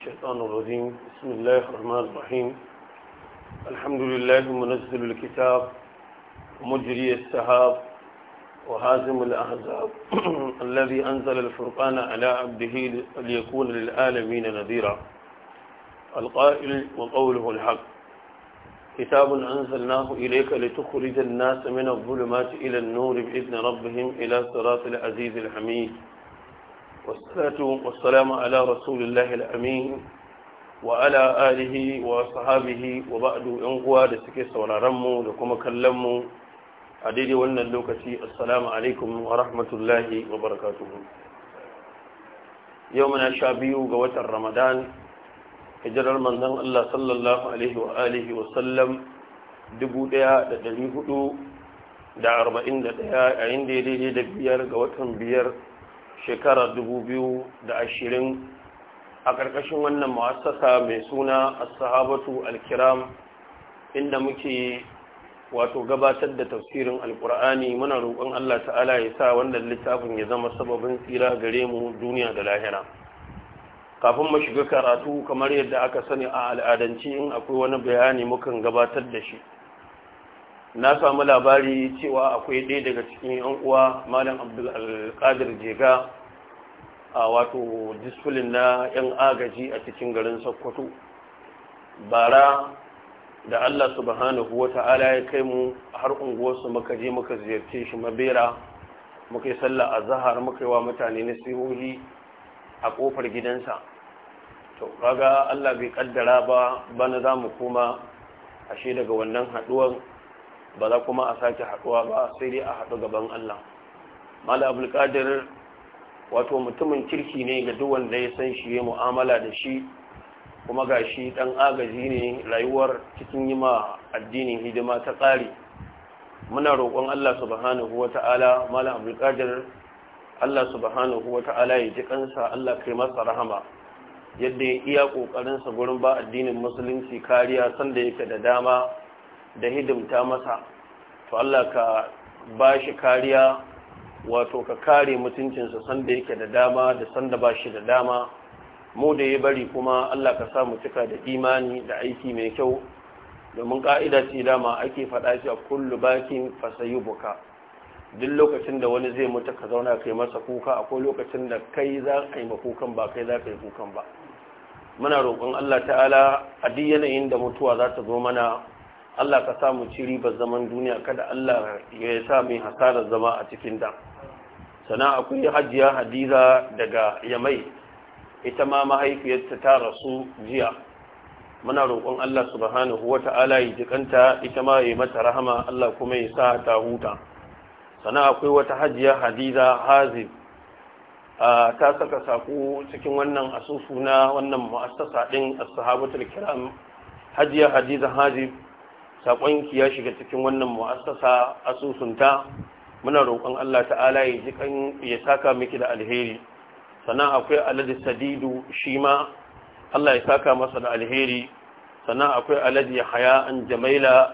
الشيطان الرجيم بسم الله الرحمن الرحيم الحمد لله منزل الكتاب ومجري السحاب وهازم الأحزاب الذي أنزل الفرقان على عبده ليكون للعالمين نذيرا القائل وقوله الحق كتاب أنزلناه إليك لتخرج الناس من الظلمات إلى النور بإذن ربهم إلى صراط العزيز الحميد والصلاة والسلام على رسول الله الأمين وعلى آله وصحابه وبعد إنقوى لسكي سونا رمو لكم كلمو عديد ولنا اللوكسي السلام عليكم ورحمة الله وبركاته يومنا شابي قوة رمضان hijirar manzon Allah sallallahu alaihi wa alihi wa sallam 1441 yayin da daidai da biyar ga watan biyar shekarar ashirin, a ƙarƙashin wannan ma'asasa mai suna as-sahabatu al inda muke wato gabatar da tafsirin alƙur'ani muna roƙon Allah ta'ala ya sa wannan littafin ya zama sababin tsira gare mu duniya da lahira kafin mu shiga karatu kamar yadda aka sani a al'adance in akwai wani bayani mukan gabatar da shi na samu labari cewa akwai ɗaya daga cikin yan uwa malam abdul alƙadir jega a wato disfulin na yan agaji a cikin garin sokoto bara da allah subhanahu wa ta'ala ya kai mu har unguwarsu muka je muka ziyarce shi mabera muka yi sallah a zahar muka yi wa mutane na sihohi a ƙofar gidansa to raga allah bai ƙaddara ba bana za mu koma ashe daga wannan haɗuwar ba za kuma a sake haɗuwa ba sai dai a haɗu gaban Allah mala abulkadir wato mutumin kirki ne ga duk wanda ya san shi ya mu'amala da shi kuma ga shi ɗan agaji ne rayuwar cikin yi ma addinin hidima ta tsari muna roƙon Allah subhanahu wa ta'ala mala abulkadir Allah subhanahu wa ya ji kansa Allah kai masa rahama yadda ya iya ƙoƙarinsa gurin ba addinin musulunci kariya sanda yake da dama da hidimta masa to Allah ka ba shi kariya wato ka kare mutuncinsa sanda yake da dama da sanda ba shi da dama mu da ya bari kuma Allah ka samu cika da imani da aiki mai kyau domin ka'ida ce dama ake faɗa shi a kullu bakin fasayi buka duk lokacin da wani zai mutu ka zauna kai masa kuka akwai lokacin da kai za ka yi kukan ba kai za ka yi kukan ba muna roƙon Allah ta'ala a duk yanayin da mutuwa za ta zo mana Allah ka samu ci ribar zaman duniya kada Allah ya sa mai hasarar zama a cikin da sana hajiya hadiza daga yamai ita ma mahaifiyarta ta rasu jiya muna roƙon Allah subhanahu wata'ala ya jikanta ita ma ya mata rahama Allah kuma ya sa ta huta sana akwai wata hajiya hadiza hazib ta saka saƙo cikin wannan asusu na wannan mu'assasa ɗin ashabatul kiram hajiya hadiza hazib saƙonki ya shiga cikin wannan mu'assasa asusunta muna roƙon Allah ta'ala ya ji kan ya saka miki da alheri sannan akwai alhaji sadidu shi ma Allah ya saka masa da alheri sannan akwai alhaji haya an jamaila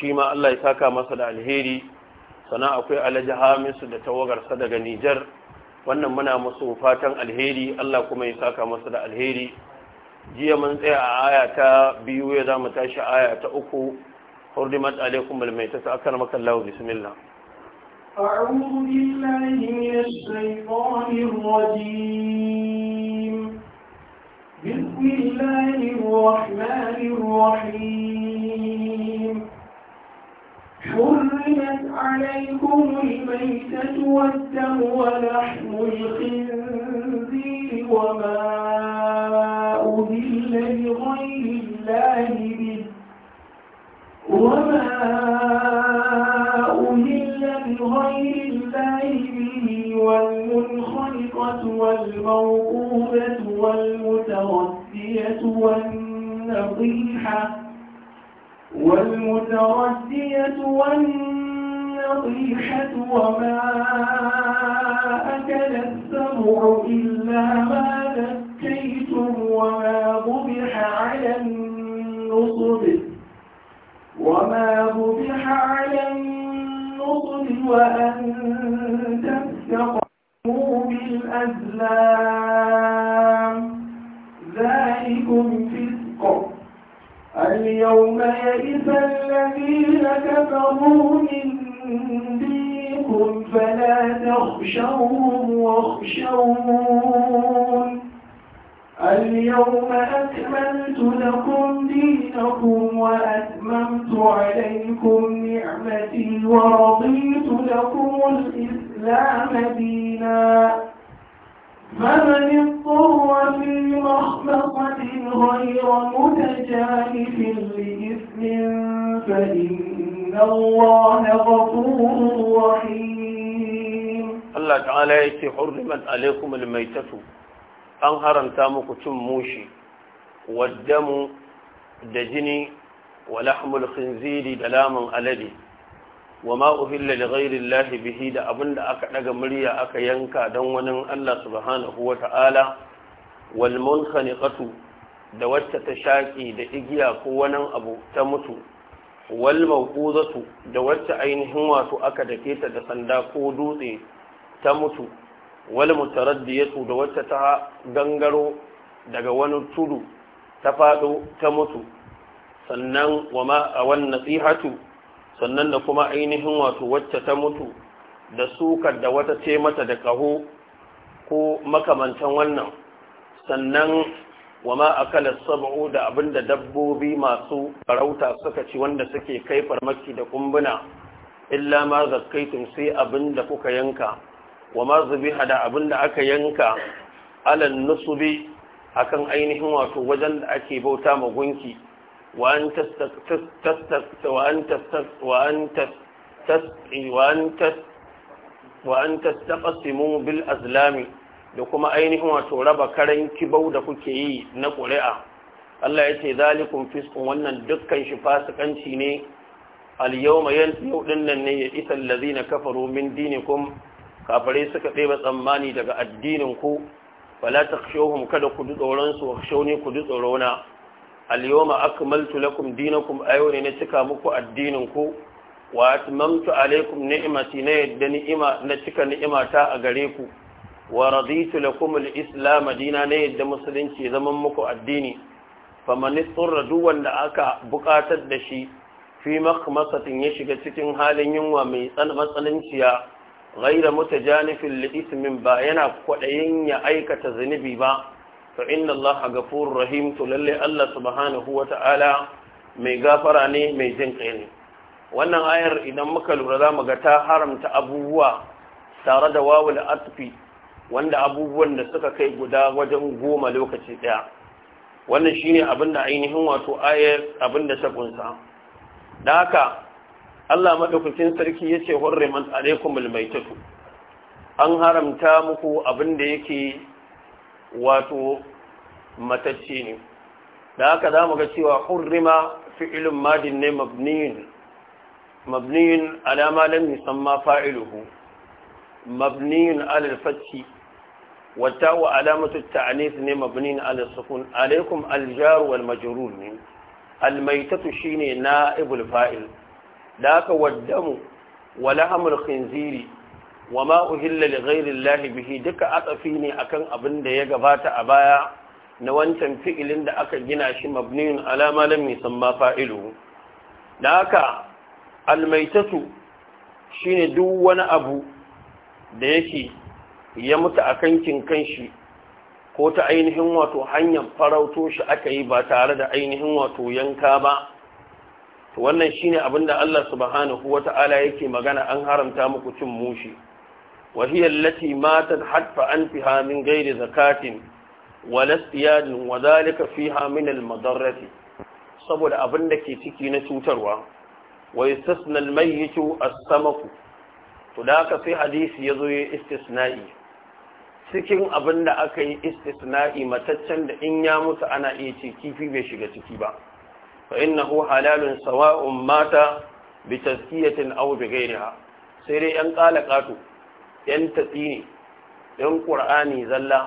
shi ma Allah ya saka masa da alheri sannan akwai alhaji hamisu da tawagarsa daga nijar wannan muna masu fatan alheri Allah kuma ya saka masa da alheri jiya mun tsaya a aya ta biyu ya za mu tashi aya ta uku حرمت عليكم الميتة أكرمك الله بسم الله أعوذ بالله من الشيطان الرجيم بسم الله الرحمن الرحيم حرمت عليكم الميتة والدم ولحم الخنزير وما أهل لغير الله به وما أهل لغير الله به والمنخلقة والموقوبة والمتردية والنطيحة والمتردية والنطيحة وما أكل السمع إلا ما ذكيتم وما ضبح على النصب وما ذبح على النطل وأن تستقموا بالأزلام ذلكم فسق اليوم يئس الذين كفروا من دينكم فلا تخشوهم واخشوهم اليوم أكملت لكم دينكم وأتممت عليكم نعمتي ورضيت لكم الإسلام دينا فمن اضطر في مخلصة غير متجانف لإثم فإن الله غفور رحيم الله تعالى يتحرمت حرمت عليكم الميتة an haramta muku cin mushi waddamu da jini wa lahmul khinziri da lamun alade wa ma uhilla li ghairi llahi bihi da abinda aka daga murya aka yanka dan wani Allah subhanahu wata'ala wal munkhaniqatu da wacce ta shaki da igiya ko wani abu ta mutu wal mawqudatu da wacce ainihin wato aka dake ta da sanda ko dutse ta mutu wal mutaraddiyatu da wacce ta gangaro daga wani tudu ta faɗo ta mutu sannan wa ma a nasihatu sannan da kuma ainihin wato wacce ta mutu da sukar da wata ce mata da kaho ko makamantan wannan sannan wa ma akala sab'u da abinda dabbobi masu farauta suka ci wanda suke kai farmaki da kumbuna illa ma zakkaitum sai abinda kuka yanka wa ma zubi hada abinda aka yanka alan nusubi akan ainihin wato wajen da ake bauta ma gunki wa an tastaqsimu bil azlami da kuma ainihin wato raba karen kibau da kuke yi na ƙuri'a Allah ya ce zalikun fiskun wannan dukkan shi fasikanci ne al yawma yau din nan ne ya isa allazina kafaru min dinikum kafare suka ɗeba tsammani daga addinin ku fala takhshawhum kada ku ji tsoron su khshawni ku ji tsorona al-yawma akmaltu lakum dinakum ayawni na cika muku addinin ku wa atmamtu alaykum ni'mati na yadda ni'ima na cika ni'imata a gare ku wa raditu lakum al-islam dina na yadda musulunci zaman muku addini faman tsarra duk wanda aka buƙatar da shi fi makmasatin ya shiga cikin halin yunwa mai matsananciya غير ba yana kwaɗayin ya aikata يا ba, ذنبي با فإن الله rahim رحيم Allah الله wa Ta'ala mai gafara ne mai jin kai ne wannan ayar idan muka lura za mu ga ta haramta abubuwa tare da wawul atfi wanda abubuwan da suka kai guda wajen goma lokaci daya wannan shine abin da ainihin wato ayar abin da ta kunsa da haka Allah madaukakin sarki yace hurriman alaikum almaitatu an haramta muku abin da yake wato matacce ne da haka zamu ga cewa hurrima fi'ilun madin ne mabniyin mabniyin ala ma lam yusamma fa'iluhu mabniyin ala al-fathi والتاء علامة التعنيف مبنين على السكون عليكم الجار والمجرور الميتة شيني na'ibul fa'il. da aka waddamu wa lahamul khinziri wa ma uhilla li ghairi llahi bihi duka atsafi ne akan abin da ya gabata a baya na wancan fi'ilin da aka gina shi mabniyun ala ma lam yusamma fa’ilu da aka almaitatu shine duk wani abu da yake ya mutu akan kin kanshi ko ta ainihin wato hanyar farauto shi aka yi ba tare da ainihin wato yanka ba to wannan shine abin da Allah subhanahu wata'ala yake magana an haramta muku cin mushi wa hiya allati matat an anfiha min ghairi zakatin Wa istiyadin wa dhalika fiha min al saboda abin da ke ciki na cutarwa wa yastasna mayyitu as-samaku to da ka sai hadisi yazo ya istisna'i cikin abin da aka yi istisna'i mataccen da in ya mutu ana iya ce kifi bai shiga ciki ba فإنه حلال سواء مات بتزكية أو بغيرها سيري أن قال قاتو أن تتيني أن قرآني ذلا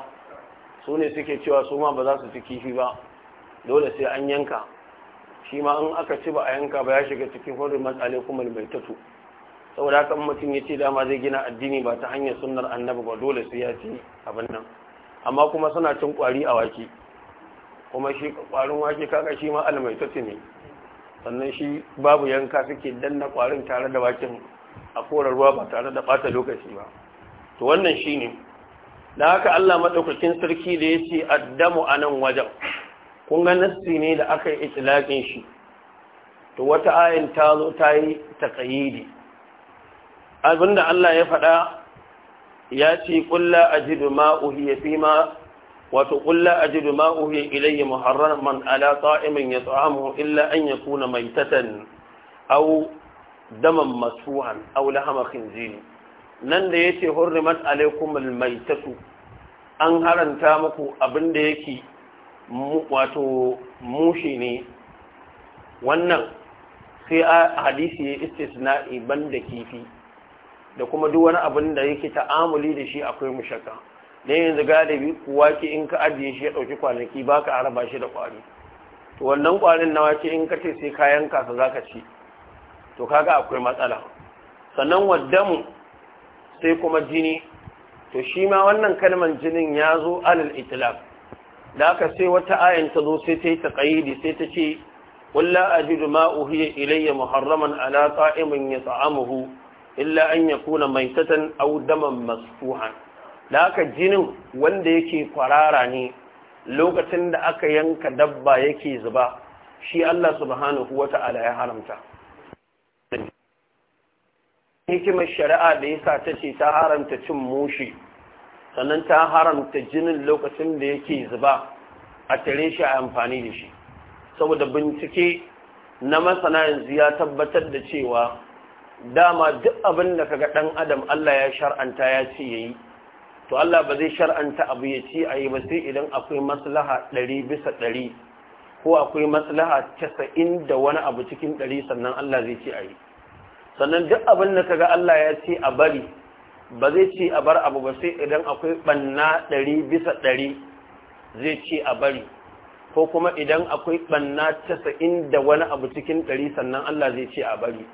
سوني سكي تشوى سوما بذاس تكي فيبا دولة سي أن ينكا شما أن أكتب أنكا بياشك تكيف حرمت عليكم الميتة saboda haka mutum ya ce dama zai gina addini ba ta hanyar sunnar annabi ba dole sai ya ci abin nan amma kuma suna cin kwari a waki kuma shi kwarin wake kaga shi ma almaitatu ne sannan shi babu yanka suke danna kwarin tare da waken a korar ruwa ba tare da bata lokaci ba to wannan shine da haka Allah madaukakin sarki da yace addamu anan wajen kun ga nassi ne da aka yi itlaqin shi to wata ayin ta zo ta yi taqayidi abinda Allah ya faɗa ya ce kullu ajidu ma uhiya fi ma wato kulla ajidu ma uhiya ilayya muharraman ala ta'imin yat'amuhu illa an yakuna maitatan aw daman masfuhan aw lahama khinziri nan da yace hurrimat alaykum almaitatu an haranta muku abinda yake wato mushi ne wannan sai a hadisi ya istisna'i ban da kifi da kuma duk wani abin da yake ta'amuli da shi akwai mushaka Ne yanzu galibi kuwa ke in ka ajiye shi ya ɗauki kwanaki ba ka araba shi da ƙwari to wannan ƙwarin nawa ce in ka ce sai kayan kasa za ka ci to kaga akwai matsala sannan waddamu sai kuma jini to shi ma wannan kalmar jinin ya zo alal itilaf da aka sai wata ayan ta zo sai ta yi taƙayidi sai ta ce walla ajidu ma uhiya ilayya muharraman ala qa'imin yata'amuhu illa an yakuna maitatan aw daman masfuhan da aka jinin wanda yake kwarara ne lokacin da aka yanka dabba yake zuba shi Allah subhanahu ta'ala ya haramta hikimar shari'a da yasa ta ce ta haramta cin mushi sannan ta haramta jinin lokacin da yake zuba a tare shi a amfani da shi saboda bincike na masana yanzu ya tabbatar da cewa dama duk abin da kaga dan adam Allah ya shar'anta ya ce yayi to Allah ba zai shar'anta abu ya ci a yi ba sai idan akwai maslaha ɗari bisa ɗari ko akwai maslaha casa'in da wani abu cikin ɗari sannan Allah zai ci a yi sannan duk abin da ka ga Allah ya ce a bari ba zai ce a bar abu ba sai idan akwai ɓanna ɗari bisa ɗari zai ce a bari ko kuma idan akwai ɓanna casa'in da wani abu cikin ɗari sannan Allah zai ce a bari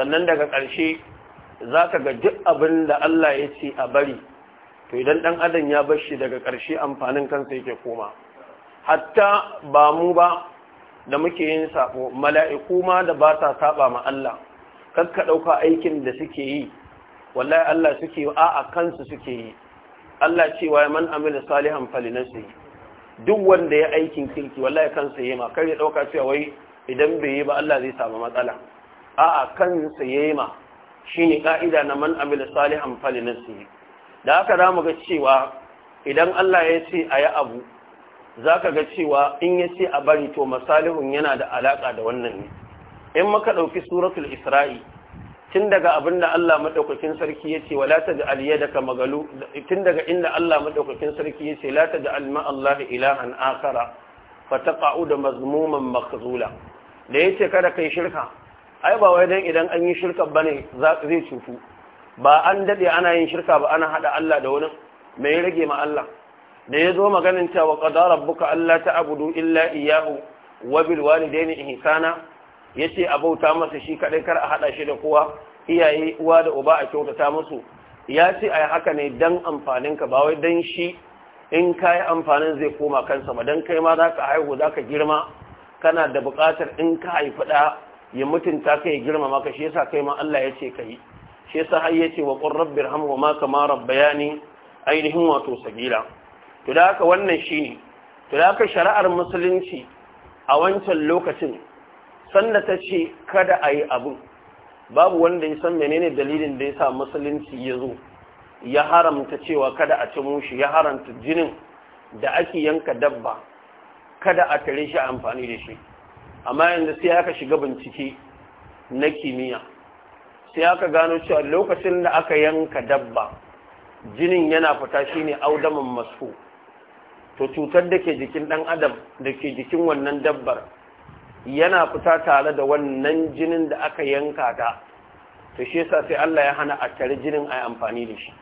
sannan daga ƙarshe za ka ga duk abin da Allah ya ce a bari to idan dan adam ya bar shi daga ƙarshe amfanin kansa yake koma hatta ba mu ba da muke yin sako mala'iku ma da ba ta saba ma Allah kakka ɗauka aikin da suke yi wallahi Allah suke yi a kansu suke yi Allah cewa ya man amila salihan fali duk wanda ya aikin kirki wallahi kansa yayi ma kar ya ɗauka cewa wai idan bai yi ba Allah zai samu matsala a'a kansa yayi ma shine ka'ida na man amila salihan fali nafsi da aka za mu ga cewa idan Allah ya ce a yi abu za ka ga cewa in ya ce a bari to masalihun yana da alaƙa da wannan ne in maka ɗauki suratul isra'i tun daga abin da Allah maɗaukakin sarki ya ce wa da ta daga magalu tun daga inda Allah maɗaukakin sarki ya ce lata da alma Allah ilahan akara fa ƙa'u da mazmuman makazula da ya ce kada kai shirka ai ba wai idan an yi shirka ba ne zai cutu ba an daɗe ana yin shirka ba ana haɗa Allah da wani mai rage ma Allah da ya zo maganin cewa qadara rabbuka alla ta'budu illa iyyahu wa bil walidayni ihsana yace a bauta masa shi kaɗai, kar a haɗa shi da kowa iyaye uwa da uba a kyautata musu ya ce ai haka ne dan amfaninka ba wai dan shi in kayi amfanin zai koma kansa ba dan kai ma zaka haihu zaka girma kana da buƙatar in ka haifi ɗa ya mutunta ka ya girma maka shi yasa kai ma Allah ya ce ka yi shi yasa har yace wa qur rabbir wa ma kama rabbayani ainihin wato Sabila. to da haka wannan shine to da haka shari'ar musulunci a wancan lokacin sanda ta ce kada a yi abu babu wanda ya san menene dalilin da ya sa musulunci ya zo ya haramta cewa kada a ci mushi ya haramta jinin da ake yanka dabba kada a tare shi amfani da shi amma yanzu sai aka shiga bincike na kimiyya sai aka gano cewa lokacin da aka yanka dabba jinin yana fita shi ne audaman masfu to cutar da ke jikin dan adam da ke jikin wannan dabbar yana fita tare da wannan jinin da aka yanka ta to shi yasa sai Allah ya hana a tare jinin a amfani da shi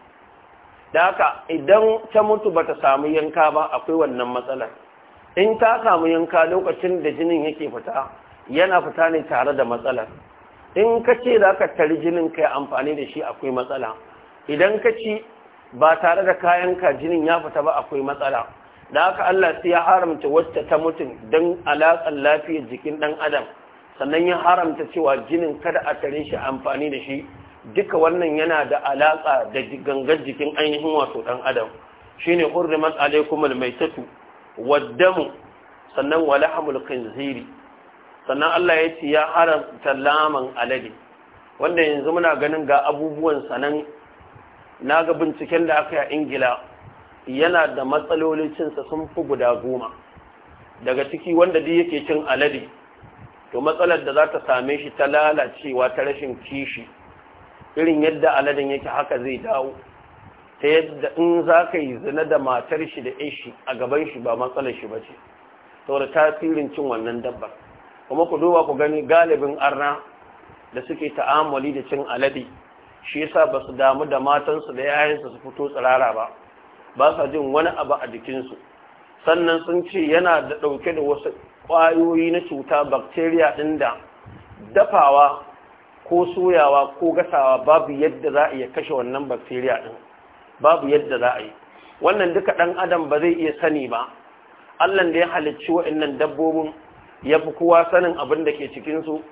da haka idan ta mutu bata samu yanka ba akwai wannan matsalar in ta samu yanka lokacin da jinin yake fita yana fita ne tare da matsalar in ka ce za ka tari jinin ka amfani da shi akwai matsala idan ka ci ba tare da kayan ka jinin ya fita ba akwai matsala da aka Allah sai ya haramta wacce ta mutum don alaƙar lafiyar jikin ɗan adam sannan ya haramta cewa jinin kada a tare shi amfani da shi duka wannan yana da alaƙa da gangar jikin ainihin wato ɗan adam shine hurrimat alaikumul maitatu waddamu sannan walahamul khinziri sannan Allah ya ce ya haramta laman alade wanda yanzu muna ganin ga abubuwan sanan na ga binciken da aka yi a ingila yana da matsalolin cinsa sun fi guda goma daga ciki wanda duk yake cin alade to matsalar da za ta same shi ta lalacewa ta rashin kishi irin yadda aladen yake haka zai dawo ta yadda in za ka yi zina da matar shi da ishi a gaban shi ba matsalar shi ba ce saboda tasirin cin wannan dabbar kuma ku duba ku gani galibin arna da suke ta'amali da cin alade shi yasa ba su damu da matansu da yayansu su fito tsirara ba ba sa jin wani abu a jikinsu sannan sun ce yana da ɗauke da wasu ƙwayoyi na cuta bakteriya din da dafawa ko soyawa ko gasawa babu yadda za a iya kashe wannan bacteria ɗin babu yadda za a yi wannan duka ɗan adam ba zai iya sani ba allan da ya halicci wa'annan dabbobin ya fi kowa sanin abin da ke cikinsu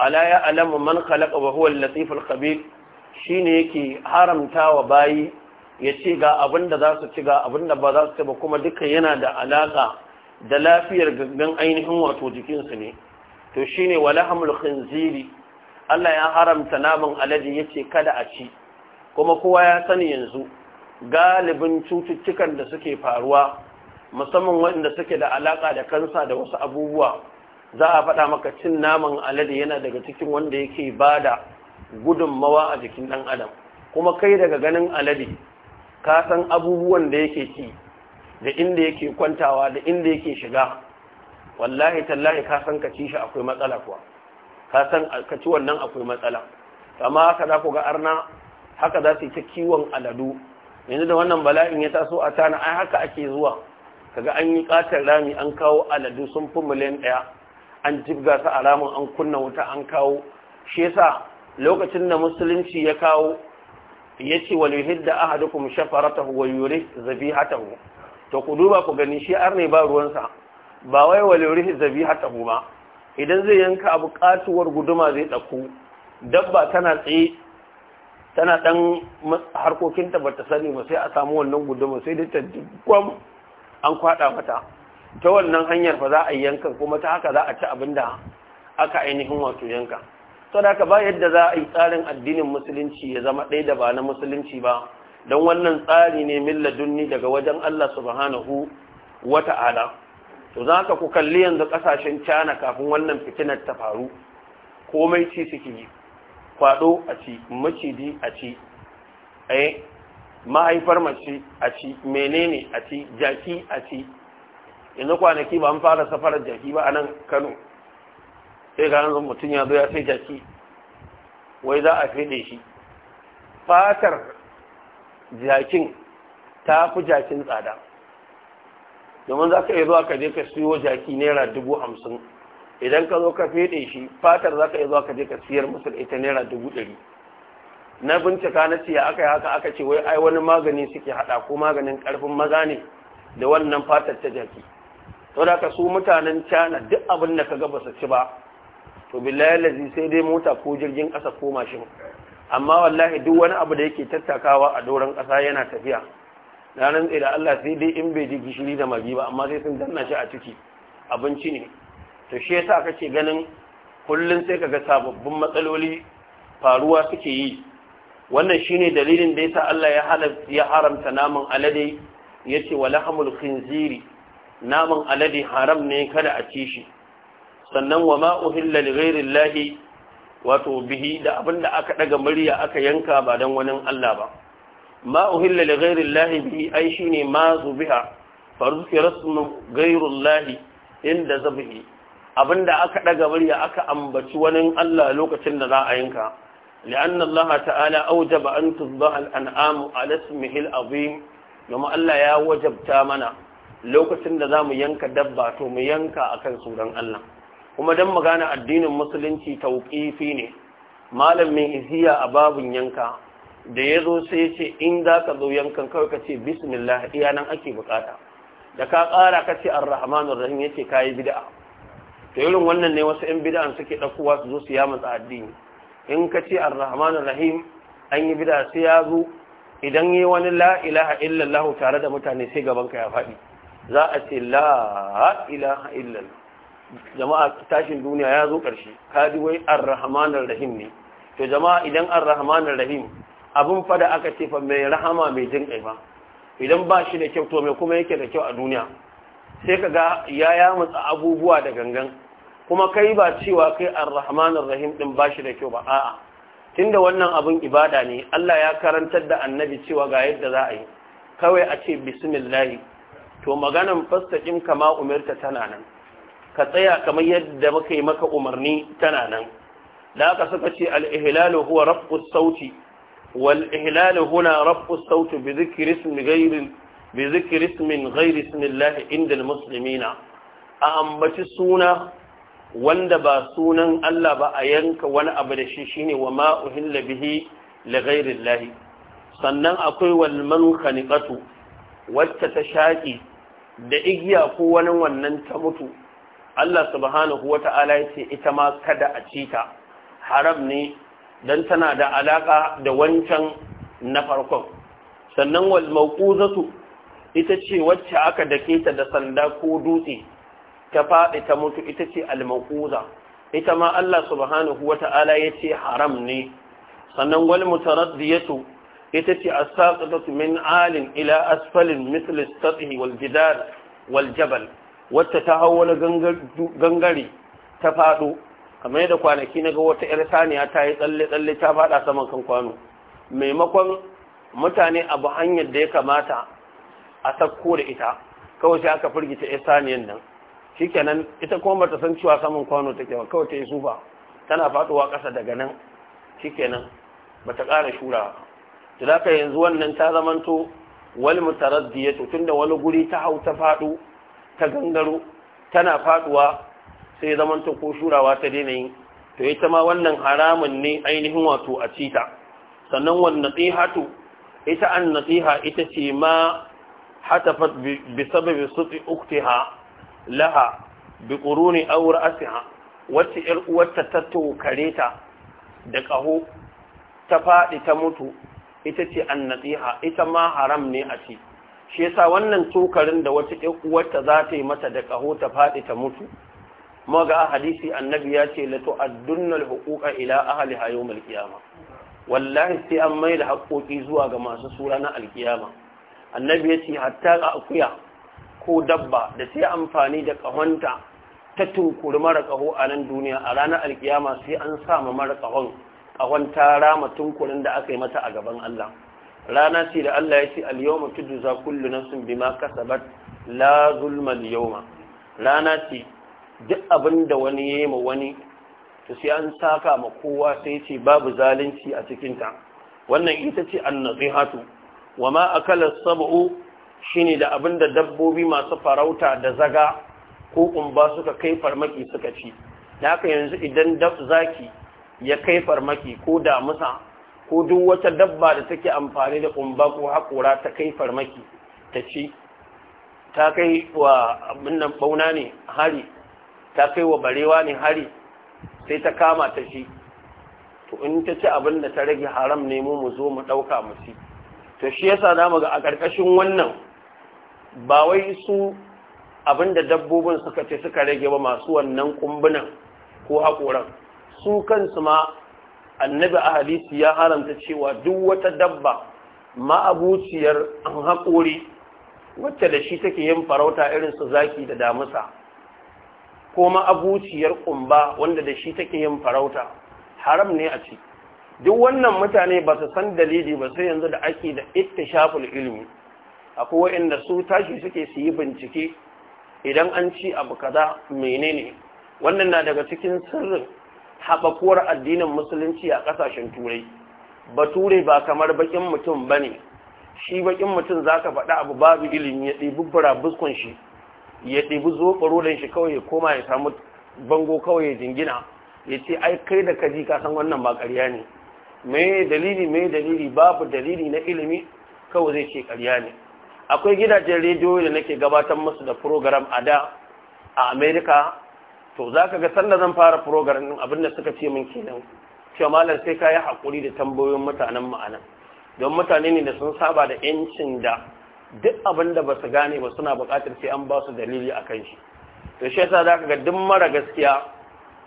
ala ya alamu man khalaqa wa huwa al-latif khabir shine yake haramta wa bayi ya ce ga abin da za su ci ga abin da ba za su ci ba kuma duka yana da alaka da lafiyar gangan ainihin wato jikinsu ne to shine walahamul khinziri Allah ya haramta naman alade ce kada a ci kuma kowa ya sani yanzu galibin cututtukan da suke faruwa musamman waɗanda suke da alaka da kansa da wasu abubuwa za a faɗa maka cin naman alade yana daga cikin wanda yake ba da gudunmawa a jikin ɗan adam kuma kai daga ganin alade ka san abubuwan da yake ci da inda yake kwantawa da inda yake shiga wallahi tallahi ka san ka ci shi akwai matsala kuwa ka san ka ci wannan akwai matsala amma haka za ku ga arna haka za su yi ta kiwon aladu yanzu da wannan bala'in ya taso a tana ai haka ake zuwa kaga an yi katar rami an kawo aladu sun fi miliyan ɗaya an jibga su a ramin an kunna wuta an kawo shi yasa lokacin da musulunci ya kawo ya ce wal yuhidda ahadukum shafaratahu wa yurih zabihatahu to ku duba ku gani shi arne ba ruwansa ba wai yuri zabi zabihatahu ba idan zai yanka abu katuwar guduma zai ɗaku dabba tana tsaye tana ɗan harkokinta bata sani ba sai a samu wannan guduma sai da ta gwam an kwada mata ta wannan hanyar fa za a yankan kuma ta haka za a ci abin da aka ainihin wato yanka to da ba yadda za a yi tsarin addinin musulunci ya zama ɗaya da ba na musulunci ba don wannan tsari ne milladunni daga wajen Allah subhanahu wa ta'ala to za ka ku kalli yanzu ƙasashen cana kafin wannan fitinar ta faru komai ci suke yi kwaɗo a ci maciji a ci eh, mahaifar mace a ci menene a ci jaki a ci yanzu kwanaki ba an fara safarar jaki ba a nan kano sai ga yanzu mutum ya zo ya sai jaki wai za a fede shi fatar jakin ta fi jakin tsada domin za ka iya zuwa ka je ka siyo jaki naira dubu hamsin idan ka zo ka fede shi fatar za ka iya zuwa ka je ka siyar musul ita naira dubu ɗari na bincika na ce aka yi haka aka ce wai ai wani magani suke hada ko maganin karfin maza ne da wannan fatar ta jaki to da ka su mutanen cana duk abin da kaga ba su ci ba to billahi lazi sai dai mota ko jirgin kasa ko mashin amma wallahi duk wani abu da yake tattakawa a doron kasa yana tafiya ranar tsaye da Allah sai dai in bai ji gishiri da magi ba amma sai sun danna shi a ciki abinci ne to shi yasa kake ganin kullun sai kaga sababbin matsaloli faruwa suke yi wannan shine dalilin da yasa Allah ya halarta ya haramta naman alade yace walahamul khinziri naman alade haram ne kada a ci shi sannan wa ma uhilla li wato bihi da abinda aka daga murya aka yanka ba dan wani Allah ba ma uhilla li bihi ai shine ma zubiha faruki rasmu ghairillahi inda zabihi abinda aka daga murya aka ambaci wani Allah lokacin da za a yanka لأن الله تعالى أوجب أن تضبح الأنعام على اسمه العظيم لما الله يا وجب تامنا لو كسن دام ينكا دبا توم ينكا أكن سوران الله kuma dan magana addinin musulunci tauƙifi ne malamin iziya a babun yanka da ya zo sai ce in za ka zo yankan kawai ka ce bismillah iya nan ake bukata da ka ƙara ka ce arrahmanur rahim yace kayi bida'a. to irin wannan ne wasu 'yan bid'an suke ɗaukowa su zo su yamatsa addini in ka ce ar rahim an yi bida sai ya zo idan yi wani la ilaha tare da mutane sai gaban ka ya faɗi za a ce la ilaha jama'a tashin duniya ya zo ƙarshe kadi wai ar rahim ne to jama'a idan ar rahim abin fada aka ce fa mai rahama mai jin ƙaifa. ba idan ba shi da kyau to mai kuma yake da kyau a duniya sai ka ga ya yamutsa abubuwa da gangan kuma kai ba cewa kai ar-rahmanir rahim din bashi da kyau ba a'a tunda wannan abin ibada ne Allah ya karantar da annabi cewa ga yadda za a yi kawai a ce bismillah to maganan fastaqim kama umirta tana nan ka tsaya kamar yadda muka yi maka umarni tana nan da aka suka ce al huwa sauti wal ihlalu huna rafu sauti bi dhikri ismi ghayri bi dhikri ismin ghayri ismillah inda al-muslimina a ambaci suna wanda ba sunan Allah ba a yanka wani abu da shi shine wa ma uhilla bihi li sannan akwai wal khaniqatu wacce ta shaƙi. da igiya ko wani wannan ta mutu Allah subhanahu wata'ala yace ita ma kada a cita haram ne dan tana da alaƙa da wancan na farkon sannan wal mawquzatu ita ce wacce aka dake ta da sanda ko dutse ta faɗi ta mutu ita ce almakuza ita ma Allah subhanahu wa ta'ala ya ce haram ne sannan wal mutaraddiyatu ita ce as-saqitatu min alin ila asfalin mithl as wal jidar wal jabal wacce ta hawwala gangare ta faɗo kamar yadda kwanaki na ga wata 'yar saniya ta yi tsalle-tsalle ta faɗa saman kan kwano maimakon mutane abu hanyar da ya kamata a sakko da ita kawai sai aka firgita 'yar saniyan nan kenan ita kuma bata san cewa saman kwano take ba kawai ta yi zuba tana faduwa ƙasa daga nan shikenan bata ƙara shura to da yanzu wannan ta zamanto wal to tunda wani guri ta hau ta fadu ta gangaro tana faduwa sai zamanto ko shurawa ta daina yi to ita ma wannan haramun ne ainihin wato a cita sannan wan nasihatu ita an nasiha ita ce ma hatafat bi sababi suti uktiha laha bi quruni aw ra'siha wacce yar uwarta ta tokare ta da ƙaho ta faɗi ta mutu ita ce annatiha ita ma haram ne a ce. shi yasa wannan tokarin da wata yar uwarta za ta yi mata da ƙaho ta faɗi ta mutu maga hadisi annabi ya ce la tu'addunnal huquqa ila ha yawm al-qiyamah wallahi sai an mai da haƙoƙi zuwa ga masu sura na al-qiyamah annabi ya ce hatta ga akuya ko dabba da sai amfani da ƙahonta ta tunkuri mara ƙaho a nan duniya a ranar alkiyama sai an sama mara ƙahon ƙahon ta rama tunkurin da aka yi mata a gaban Allah rana ce da Allah ya ce al-yawma tujza kullu nafsin bima kasabat la zulma al rana ce duk abinda wani yayi ma wani to sai an saka ma kowa sai ce babu zalunci a cikin ta wannan ita ce an-nasihatu wama akala kalar sabu shine da abin da dabbobi masu farauta da zaga ko kumba suka kai farmaki suka ci da haka yanzu idan zaki ya kai farmaki ko damusa ko duk wata dabba da take amfani da kumba ko haƙura ta kai farmaki ta ci ta kai wa abin nan bauna ne hari ta kai wa barewa ne hari sai ta kama ta ci to in ta ci abin da ta rage haram ne mu mu zo mu ɗauka mu ci to shi yasa za mu ga a ƙarƙashin wannan ba wai su abinda dabbobin suka ce suka rage ba masu wannan kumbunan ko haƙoran su kansu ma annabi a hadisi ya haramta cewa duk wata dabba ma'abuciyar an haƙori wacce da shi take yin farauta irin su zaki da damusa ko ma'abuciyar ƙumba wanda da shi take yin farauta haram ne a ci duk wannan mutane ba su san dalili ba sai yanzu da ake da ita shafin ilmi akwai wa'inda su tashi suke su yi bincike idan an ci abu kaza menene wannan na daga cikin sirrin haɓakuwar addinin musulunci a ƙasashen turai bature ba kamar bakin mutum ba ne shi bakin mutum za ka faɗi abu babu ilimi ya ɗibi burabuskun shi ya ɗibi zoɓarolan shi kawai ya koma ya samu bango kawai ya jingina ya ce ai kai da kaji ka san wannan ba ƙarya ne mai dalili mai dalili babu dalili na ilimi kawai zai ce ƙarya ne akwai gidajen rediyo da nake gabatar musu da program a da a america to za ka ga sanda zan fara program abin da suka ce min kenan cewa malam sai ka yi haƙuri da tambayoyin mutanen ma'ana don mutane ne da sun saba da yancin da duk abin da ba su gane ba suna buƙatar sai an ba su dalili a kan shi to shi yasa za ka ga duk mara gaskiya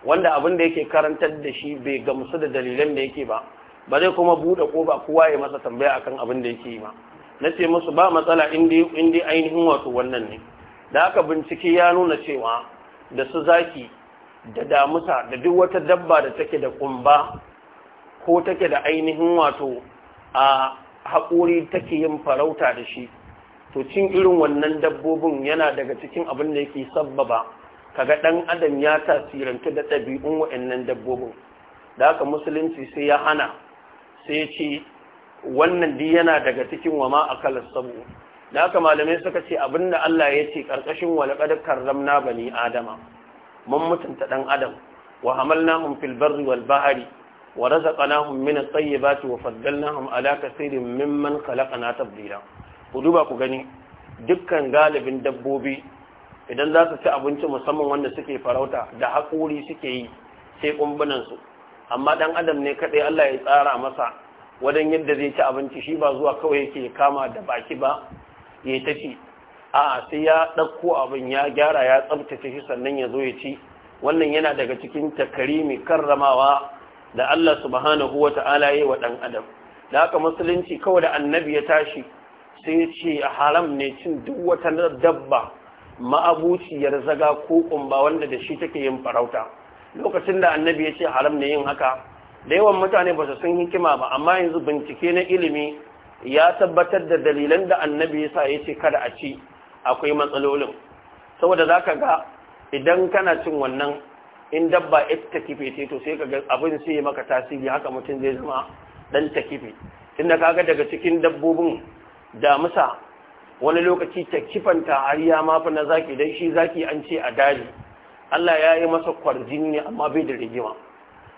wanda abin da yake karantar da shi bai gamsu da dalilan da yake ba ba zai kuma buɗe ko ba kowa ya masa tambaya akan abin da yake yi ba na ce musu ba matsala indi ainihin wato wannan ne da aka bincike ya nuna cewa da su zaki da damusa da duk wata dabba da take da kumba ko take da ainihin wato a haƙuri take yin farauta da shi to cin irin wannan dabbobin yana daga cikin abin da yake sabbaba kaga ɗan adam ya tasirantu da ɗabi'un wa'annan dabbobin da haka musulunci sai ya hana sai ya ce wannan di yana daga cikin wama ma kalar sabu da haka malamai suka ce abinda Allah ya ce karkashin walaqad karramna bani adama mun mutunta ɗan adam wa hamalnahum fil barri wal bahri wa razaqnahum min at-tayyibati wa faddalnahum ala kaseerin mimman khalaqna tabbira. ku duba ku gani dukkan galibin dabbobi idan za su ci abinci musamman wanda suke farauta da haƙuri suke yi sai kumbunansu amma ɗan adam ne kaɗai Allah ya tsara masa wadan yadda zai ci abinci shi ba zuwa kawai yake kama da baki ba ya ta ci a sai ya ɗauko abin ya gyara ya tsabtace shi sannan ya zo ya ci wannan yana daga cikin takarimi karramawa da Allah subhanahu wa ta'ala yi wa ɗan adam da haka musulunci kawai da annabi ya tashi sai ya ce haram ne cin duk wata dabba ma'abuciyar zaga ko kumba wanda da shi take yin farauta lokacin da annabi ya ce haram ne yin haka da yawan mutane ba su sun hikima ba amma yanzu bincike na ilimi ya tabbatar da dalilan da annabi ya sa ya ce kada a ci akwai matsalolin saboda za ka ga idan kana cin wannan in dabba ita kife ce to sai ka ga abin sai ya maka tasiri haka mutum zai zama dan ta kife tunda ga daga cikin dabbobin musa wani lokaci ta kifanta har ya mafi na zaki dan shi zaki an ce a daji Allah ya yi masa kwarjini ne amma bai da rigima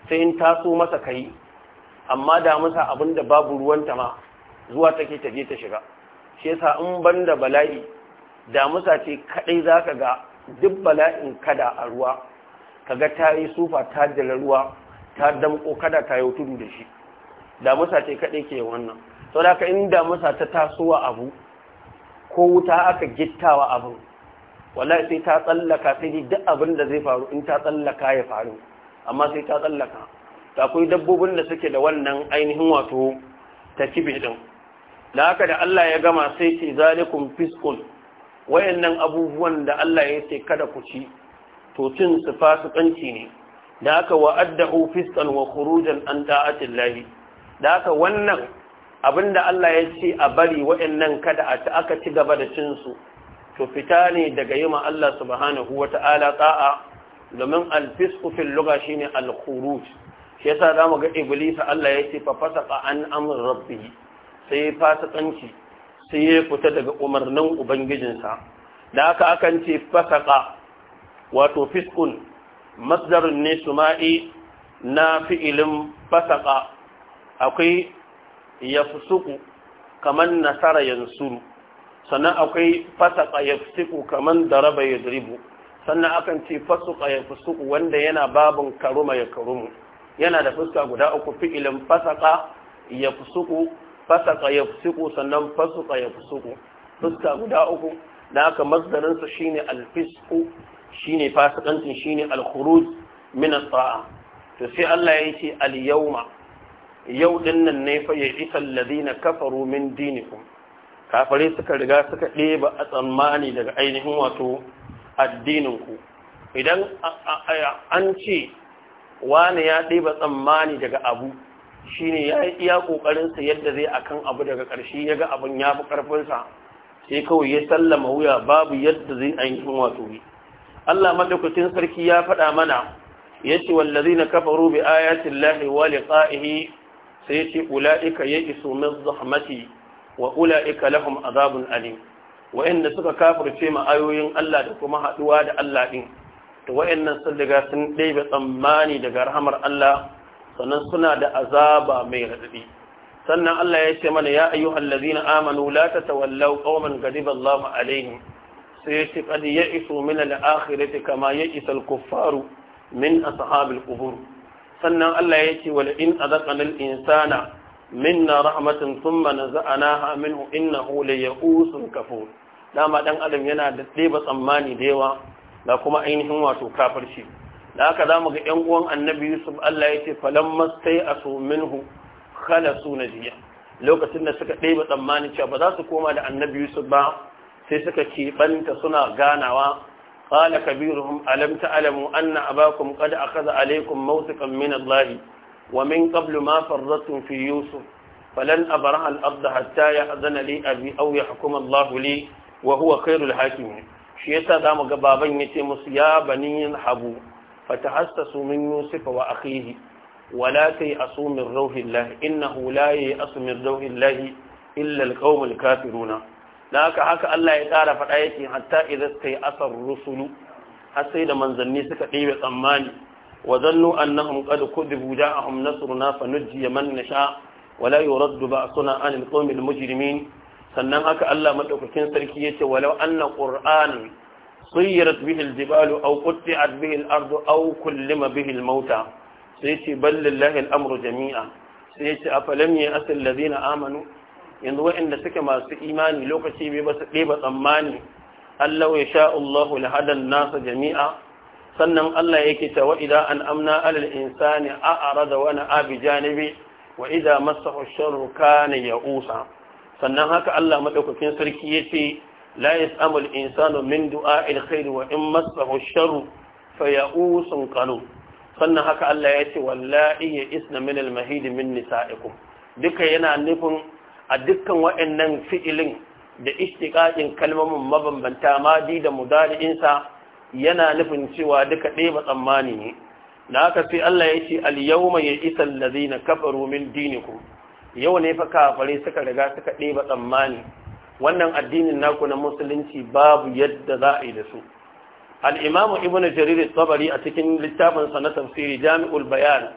sai in taso masa kai amma da abinda abin da babu ruwanta ma zuwa take taje ta shiga shi yasa in banda bala'i da musa ce kadai zaka ga duk bala'in kada a ruwa kaga ta yi sufa ta jira ruwa ta damko kada ta yi tudu da shi da musa ce kadai ke wannan sau da ka inda musa ta tasowa abu ko wuta aka gittawa abin wallahi sai ta tsallaka sai duk abin da zai faru in ta tsallaka ya faru amma sai ta tsallaka ta akwai dabbobin da suke da wannan ainihin wato ta kibe din da haka da Allah ya gama sai ce zalikum fiskun wayannan abubuwan da Allah ya ce kada ku ci to cin su fasikanci ne da haka wa addahu fiskan wa khurujan an ta'atillahi da haka wannan abinda Allah ya ce a bari wayannan kada a ci aka ci gaba da cin su to fita ne daga yima Allah subhanahu wata'ala ta'a domin alfisku fil lugha shine al shi yasa mu ga iblis Allah ya ce fa fasaqa an amr rabbi sai fasikanci sai ya fita daga umarnin ubangijinsa da haka akan ce fasaka wato fiskun masdarun ne suma'i na fi'ilin fasaka akwai yafsuku kaman nasara yansuru sannan akwai fasaqa yafsuku kaman daraba yadribu sannan akan ce fasuka ya fusuku wanda yana babin karuma ya karumu yana da fuska guda uku fi'ilin fasaka ya fusuku fasaka ya fusuku sannan fasuka ya fusuku fuska guda uku da aka masdarinsa shine alfisku shine fasikancin shine alkhuruj min as-sa'a to sai Allah ya ce al-yawma yau dinnan ne fa ya isa alladhina kafaru min dinikum kafare suka riga suka ɗeba a tsammani daga ainihin wato addininku idan an ce wani ya ɗiba tsammani daga abu shi ne ya yi iya ƙoƙarinsa yadda zai akan abu daga ƙarshe ya ga abin ya fi ƙarfinsa sai kawai ya sallama wuya babu yadda zai yi wato yi Allah madaukakin sarki ya faɗa mana ya ce wallazi na kafa bi ayatin lahi wa liqa'ihi sai ya ce ula'ika ya iso min zahmati wa ula'ika lahum azabun alim Wa'inda suka kafirce ma'ayoyin ayoyin Allah da kuma haɗuwa da Allah ɗin, to wa'annan sun daga sun tsammani daga rahamar Allah sannan suna da azaba mai radadi sannan Allah ya ce mana ya ayyuhal ladina amanu la tatawallaw qauman ghadiba Allahu alaihim sai ya ce qad ya'isu min al kama ya'isa al-kuffaru min ashabil qubur sannan Allah ya ce wal in azaqana al-insana minna rahmatan thumma naza'naha minhu innahu la ya'usun kafur dama dan adam yana da ɗeba tsammani da yawa da kuma ainihin wato kafarci da aka za mu ga ƴan uwan annabi yusuf allah ya ce falon mastai a so minhu kala su jiya lokacin da suka ɗeba tsammani cewa ba za su koma da annabi yusuf ba sai suka keɓanta suna ganawa qala kabiruhum alam ta'lamu anna abakum qad akhadha alaykum mawthiqan min allah wa min qablu ma farratum fi yusuf falan abraha al-ardha hatta ya'dhana li abi aw yahkum allah li wa huwa khairul hakimin shi yasa zamu ga baban yace musu ya baniyin habu fatahassasu min yusufa wa akhihi ولا تيأسوا من روح الله إنه لا ييأس من روح الله إلا القوم الكافرون لك حكى الله يتعالى فالآية حتى إذا استيأس الرسل حسيد من ظني سكتيب أماني وظنوا أنهم قد كذبوا جاءهم نصرنا فنجي من نشاء ولا يرد بأسنا عن القوم المجرمين sannan haka Allah madaukakin sarki yace walau anna qur'anan suyirat bihi aljibalu aw qutti'at bihi al-ardu aw kullima bihi al-mauta sai yace amru jami'a sai yace afalam ya'asil ladina amanu yanzu waɗanda suke masu imani lokaci bai basu ɗeba tsammani Allah ya sha Allah lahadan nasa jami'a sannan Allah yake ta wa idan an amna alal insani a arada wani abi janibi wa idan masahu sharru kana ya'usa sannan haka Allah madaukakin sarki yace la yas'amu al-insanu min du'a'il khair wa in massahu sharru faya'usun kanu sannan haka Allah yace wallahi ya isna min al-mahid min nisa'ikum duka yana nufin a dukkan waɗannan fi'ilin da istiqaqin kalmomin mabambanta di da mudari'insa yana nufin cewa duka ɗaya ba tsammani ne da haka sai Allah ya ce al-yawma ya isa allazina kafaru min dinikum yau ne fa kafare suka riga suka ɗeba tsammani wannan addinin naku na musulunci babu yadda za a yi da su al'imamu ibn jarir tabari a cikin sa na tafsiri jami'ul bayan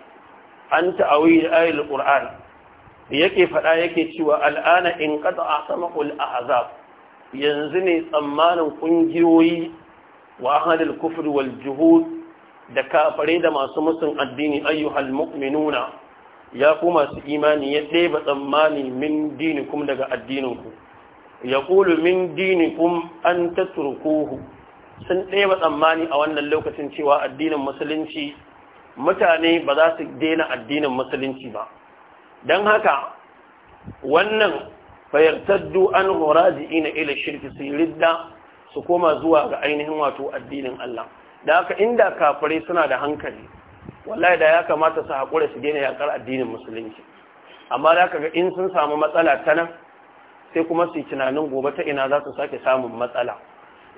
an ta'awi ayil qur'an yake faɗa yake cewa al'ana in qata asamul ahzab yanzu ne tsammanin kungiyoyi wa ahlul kufr wal juhud da kafare da masu musun addini ayyuhal mu'minuna ya ku masu imani ya ɗeba tsammani min dinikum daga addininku ya ƙulu min dinikum an ta turkuhu sun ɗeba tsammani a wannan lokacin cewa addinin musulunci mutane ba za su daina addinin musulunci ba don haka wannan fayartaddu an horaji na ila shirki su ridda su koma zuwa ga ainihin wato addinin Allah da haka inda kafirai suna da hankali wallahi da ya kamata su haƙura su daina yaƙar addinin musulunci amma za ka ga in sun samu matsala ta nan sai kuma su yi tunanin gobe ta ina za su sake samun matsala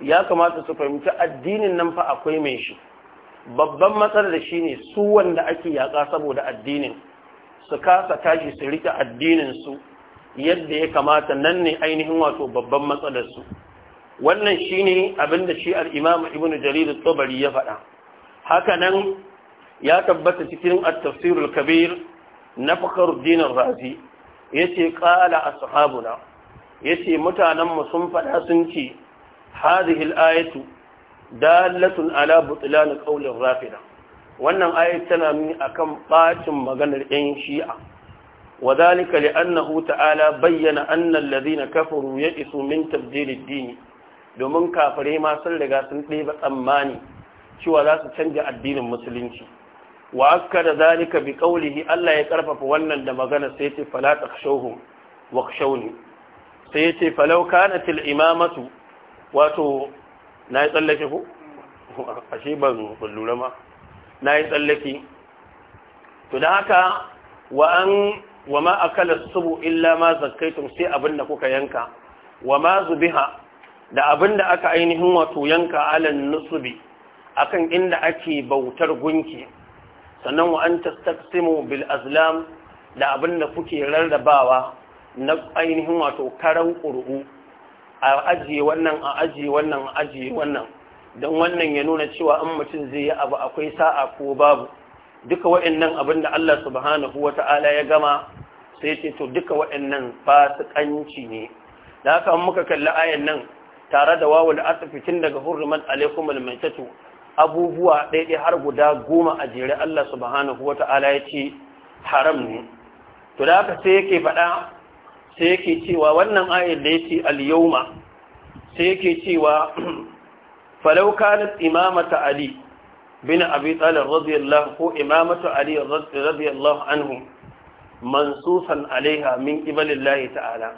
ya kamata su fahimci addinin nan fa akwai mai shi babban matsalar da shi ne su wanda ake yaƙa saboda addinin su kasa tashi su rike addinin su yadda ya kamata nan ne ainihin wato babban matsalar su wannan shine abin da shi al-Imam Ibn Jarir Tsobari ya faɗa haka nan ya tabbata cikin at-tafsirul kabir na Fakhruddin Razi yace qala ashabuna yace mutanen mu sun fada sun ce hadhihi al-ayatu dalatun ala butlan qawlir rafida wannan ayat tana nuni akan bacin maganar ɗan shi'a وذلك taala bayyana بين أن الذين كفروا isumin من تبديل الدين domin kafare ma sun riga sun ɗeba tsammani cewa za su canja addinin musulunci wa akkada zalika bi qawlihi Allah ya karfafa wannan da magana sai ce fala takhshawhum wa khshawni sai ya ce falau kanat al imamatu wato na yi tsallake ko ashe ban lura ma na yi tsallake to da haka wa an wa ma akala subu illa ma zakkaitum sai abin da kuka yanka wa ma zubiha da abin da aka ainihin wato yanka alan nusubi akan inda ake bautar gunki sannan wa an tastaqsimu bil azlam da abin kuke rarrabawa na ainihin wato karan qur'u a ajiye wannan a ajiye wannan a ajiye wannan don wannan ya nuna cewa an mutum zai yi abu akwai sa'a ko babu duka wa'annan abin Allah subhanahu wata'ala ya gama sai ce to duka wa'annan fasikanci ne da haka muka kalli ayan nan tare da wawul asfitin daga hurriman alaikum almaitatu abubuwa ɗaiɗai har guda goma a jere Allah subhanahu wa ta'ala ya ce haram ne to da haka sai yake faɗa sai yake cewa wannan ayar da ya ce al sai yake cewa falau kanat imamata ali bin abi talib radiyallahu ko imamatu ali radiyallahu anhu mansusan alaiha min ibalillahi ta'ala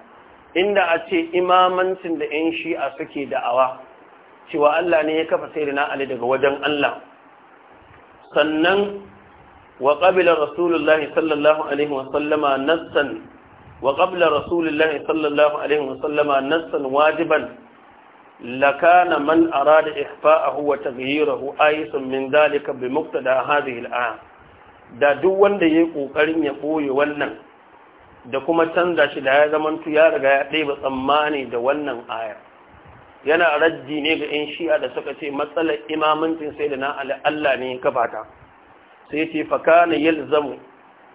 inda a ce imamancin da 'yan shi'a suke da'awa cewa Allah ne ya kafa sayyidina Ali daga wajen Allah sannan wa qabila rasulullahi sallallahu alaihi wa sallama nassan wa qabila rasulullahi sallallahu alaihi wa sallama nassan wajiban lakana man arada ihfa'ahu wa taghyiruhu aysun min dalika bi muqtada hadhihi al da duk wanda yayi kokarin ya boye wannan da kuma canza shi da ya zamantu ya riga ya ɗeba tsammani da wannan ayar yana raddi ne ga yan shi'a da suka ce matsalar imamancin sai da na Allah ne kafa ta sai ce fakana yalzamu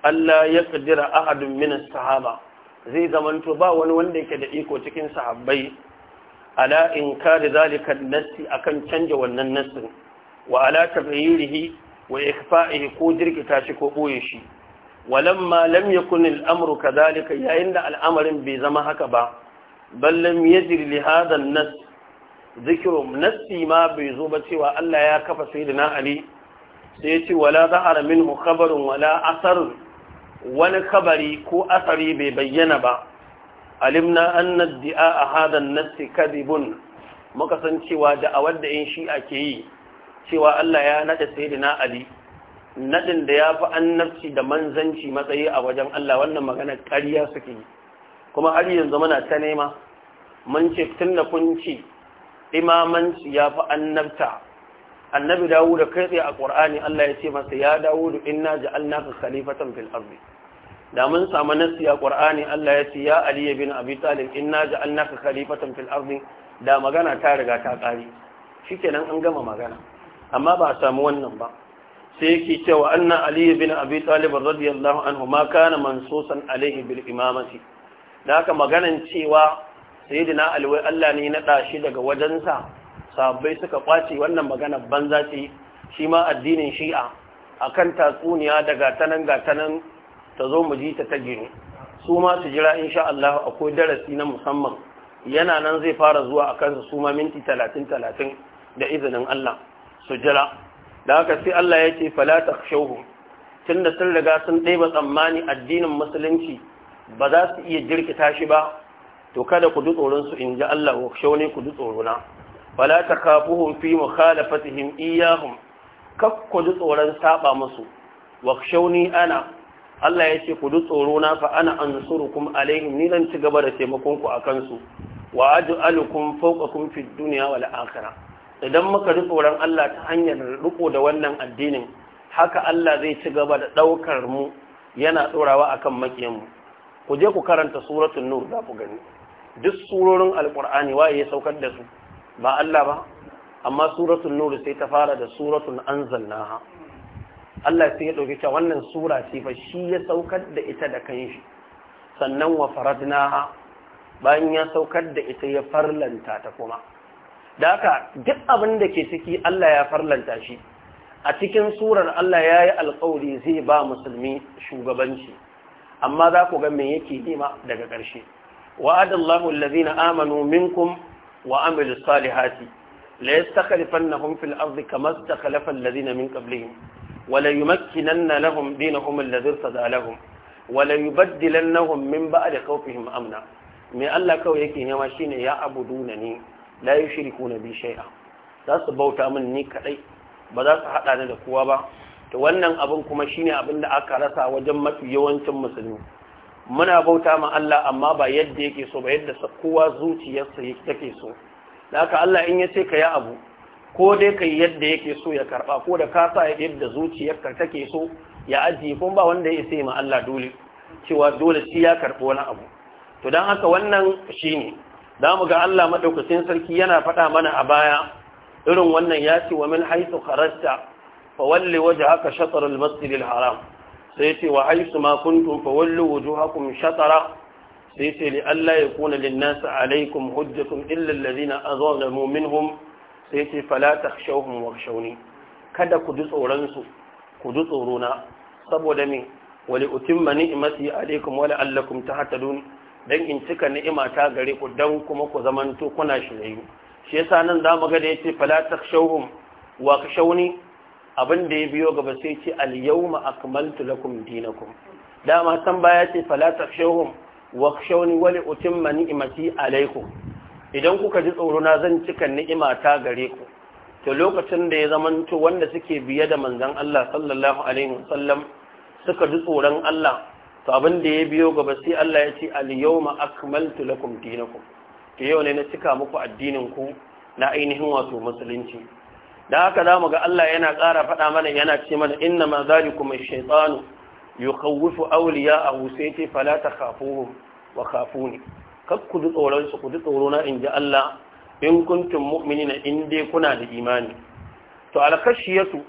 Allah ya kadira ahadun min sahaba zai zamanto ba wani wanda yake da iko cikin sahabbai ala inkari zalika nassi akan canja wannan nassin wa ala tafyirihi wa ikfa'ihi ko jirkita shi ko boye shi walamma lam kunna al-amru kadhalika yayin da al'amarin bai zama haka ba bal lam yajri li hadha zikiru nassi ma bai zo ba cewa Allah ya kafa sayyidina Ali sai ya ce wala zahara minhu khabarun wala asar wani kabari ko asari bai bayyana ba alimna anna di'a hadha an-nass kadibun muka san cewa da'awar da in shi ake yi cewa Allah ya nada sayyidina Ali nadin da ya fi annabci da manzanci matsayi a wajen Allah wannan magana ƙarya suke yi kuma har yanzu muna ta nema mun ce tun da kun ce imamanci ya fi annabta annabi dawo da kai tsaye a ƙur'ani Allah ya ce masa ya dawo da an ja'alnaka khalifatan fil arzi da mun samu nasi a ƙwar'ani Allah ya ce ya Ali bin Abi Talib inna ja'alnaka khalifatan fil arzi da magana ta riga ta ƙare kenan an gama magana amma ba a sami wannan ba sai yake cewa anna Ali bin Abi Talib radiyallahu anhu ma kana mansusan alaihi bil imamati da haka maganan cewa sayyidina alwai Allah ne na ɗashi daga wajensa sabai suka kwace wannan magana banza ce shi ma addinin shi'a a kan tatsuniya da tanan gatanan ta zo mu ji ta ta gini su ma su jira insha Allah akwai darasi na musamman yana nan zai fara zuwa akan su ma minti talatin talatin da izinin Allah su jira da haka sai Allah ya ce falata takhshawhum tunda sun riga sun ɗeba tsammani addinin musulunci ba za su iya jirkita shi ba to kada ku ji tsoron su in ji Allah wa shaune ku ji tsorona wala takafuhum fi mukhalafatihim iyahum kak ku ji tsoron saba musu wa shauni ana Allah ya ce ku ji tsorona fa ana ansurukum alaihim ni zan ci gaba da taimakon ku akan su wa aj'alukum fawqakum fi dunya wal akhirah idan muka ji tsoron Allah ta hanyar riko da wannan addinin haka Allah zai ci gaba da ɗaukar mu yana tsorawa akan makiyanmu ku je ku karanta suratul nur za ku gani duk surorin Alƙur'ani waye ya saukar da su ba Allah ba amma suratul nur sai ta fara da suratul anzalnaha Allah sai ya dauke ta wannan sura sai fa shi ya saukar da ita da kanshi sannan wa faradnaha bayan ya saukar da ita ya farlanta ta kuma da haka duk abin da ke ciki Allah ya farlanta shi a cikin surar Allah ya yi alkawari zai ba musulmi shugabanci amma za ku ga me yake nema daga ƙarshe وعد الله الذين آمنوا منكم وعملوا الصالحات ليستخلفنهم في الأرض كما استخلف الذين من قبلهم وليمكنن لهم دينهم الذي ارتدى لهم وليبدلنهم من بعد خوفهم أمنا من الله كو يكي يما شين يعبدونني لا يشركون بي شيئا ذا سبوتا من ني كدي بذا سحداني da kowa ba to wannan abin kuma shine abin da aka rasa wajen mafi yawancin musulmi muna bauta ma Allah amma ba yadda yake so ba yadda kowa zuciyarsa yake so da haka Allah in ya ce ka yi abu ko dai ka yi yadda yake so ya karba ko da ka sa yadda zuciyarka take so ya ajiye kun ba wanda ya isa ma Allah dole cewa dole shi ya karbo wani abu to dan haka wannan shine za mu ga Allah madaukakin sarki yana faɗa mana a baya irin wannan ya ce wa min haythu kharajta fawalli wajhaka shatr al-masjid al-haram sai ce wa haisu ma kuntum fa wallu shatara sai ce li Allah ya kuna lin nas alaikum hujjatun illa da mumin minhum sai ce fala takhshawhum wakhshawni kada ku ji tsoron su ku ji tsoro saboda me wali utimma ni'mati alaikum wa la'allakum tahtadun dan in cika ni'ima ta gare ku dan kuma ku zamanto kuna shirayu shi yasa nan zamu ga da yace fala takhshawhum wa khshawni abin da ya biyo gaba sai ce al-yawma akmaltu lakum dinakum dama san baya ce fala wa khshawni wa utimma ni'mati alaykum idan kuka ji tsoro na zan cika ni'imata ta gare ku to lokacin da ya to wanda suke biye da manzon Allah sallallahu alaihi wasallam suka ji tsoron Allah to abin da ya biyo gaba sai Allah ya ce al-yawma akmaltu lakum dinakum to yau ne na cika muku addinin ku na ainihin wato musulunci da haka za mu ga Allah yana ƙara faɗa mana yana ce mana inna ma zalikum ash-shaytanu yukhawwifu auliya sai ce fala takhafuhum wa khafuni kak ku ji tsoron su ku ji tsoro na inji Allah in mumini na in dai kuna da imani to alkashiyatu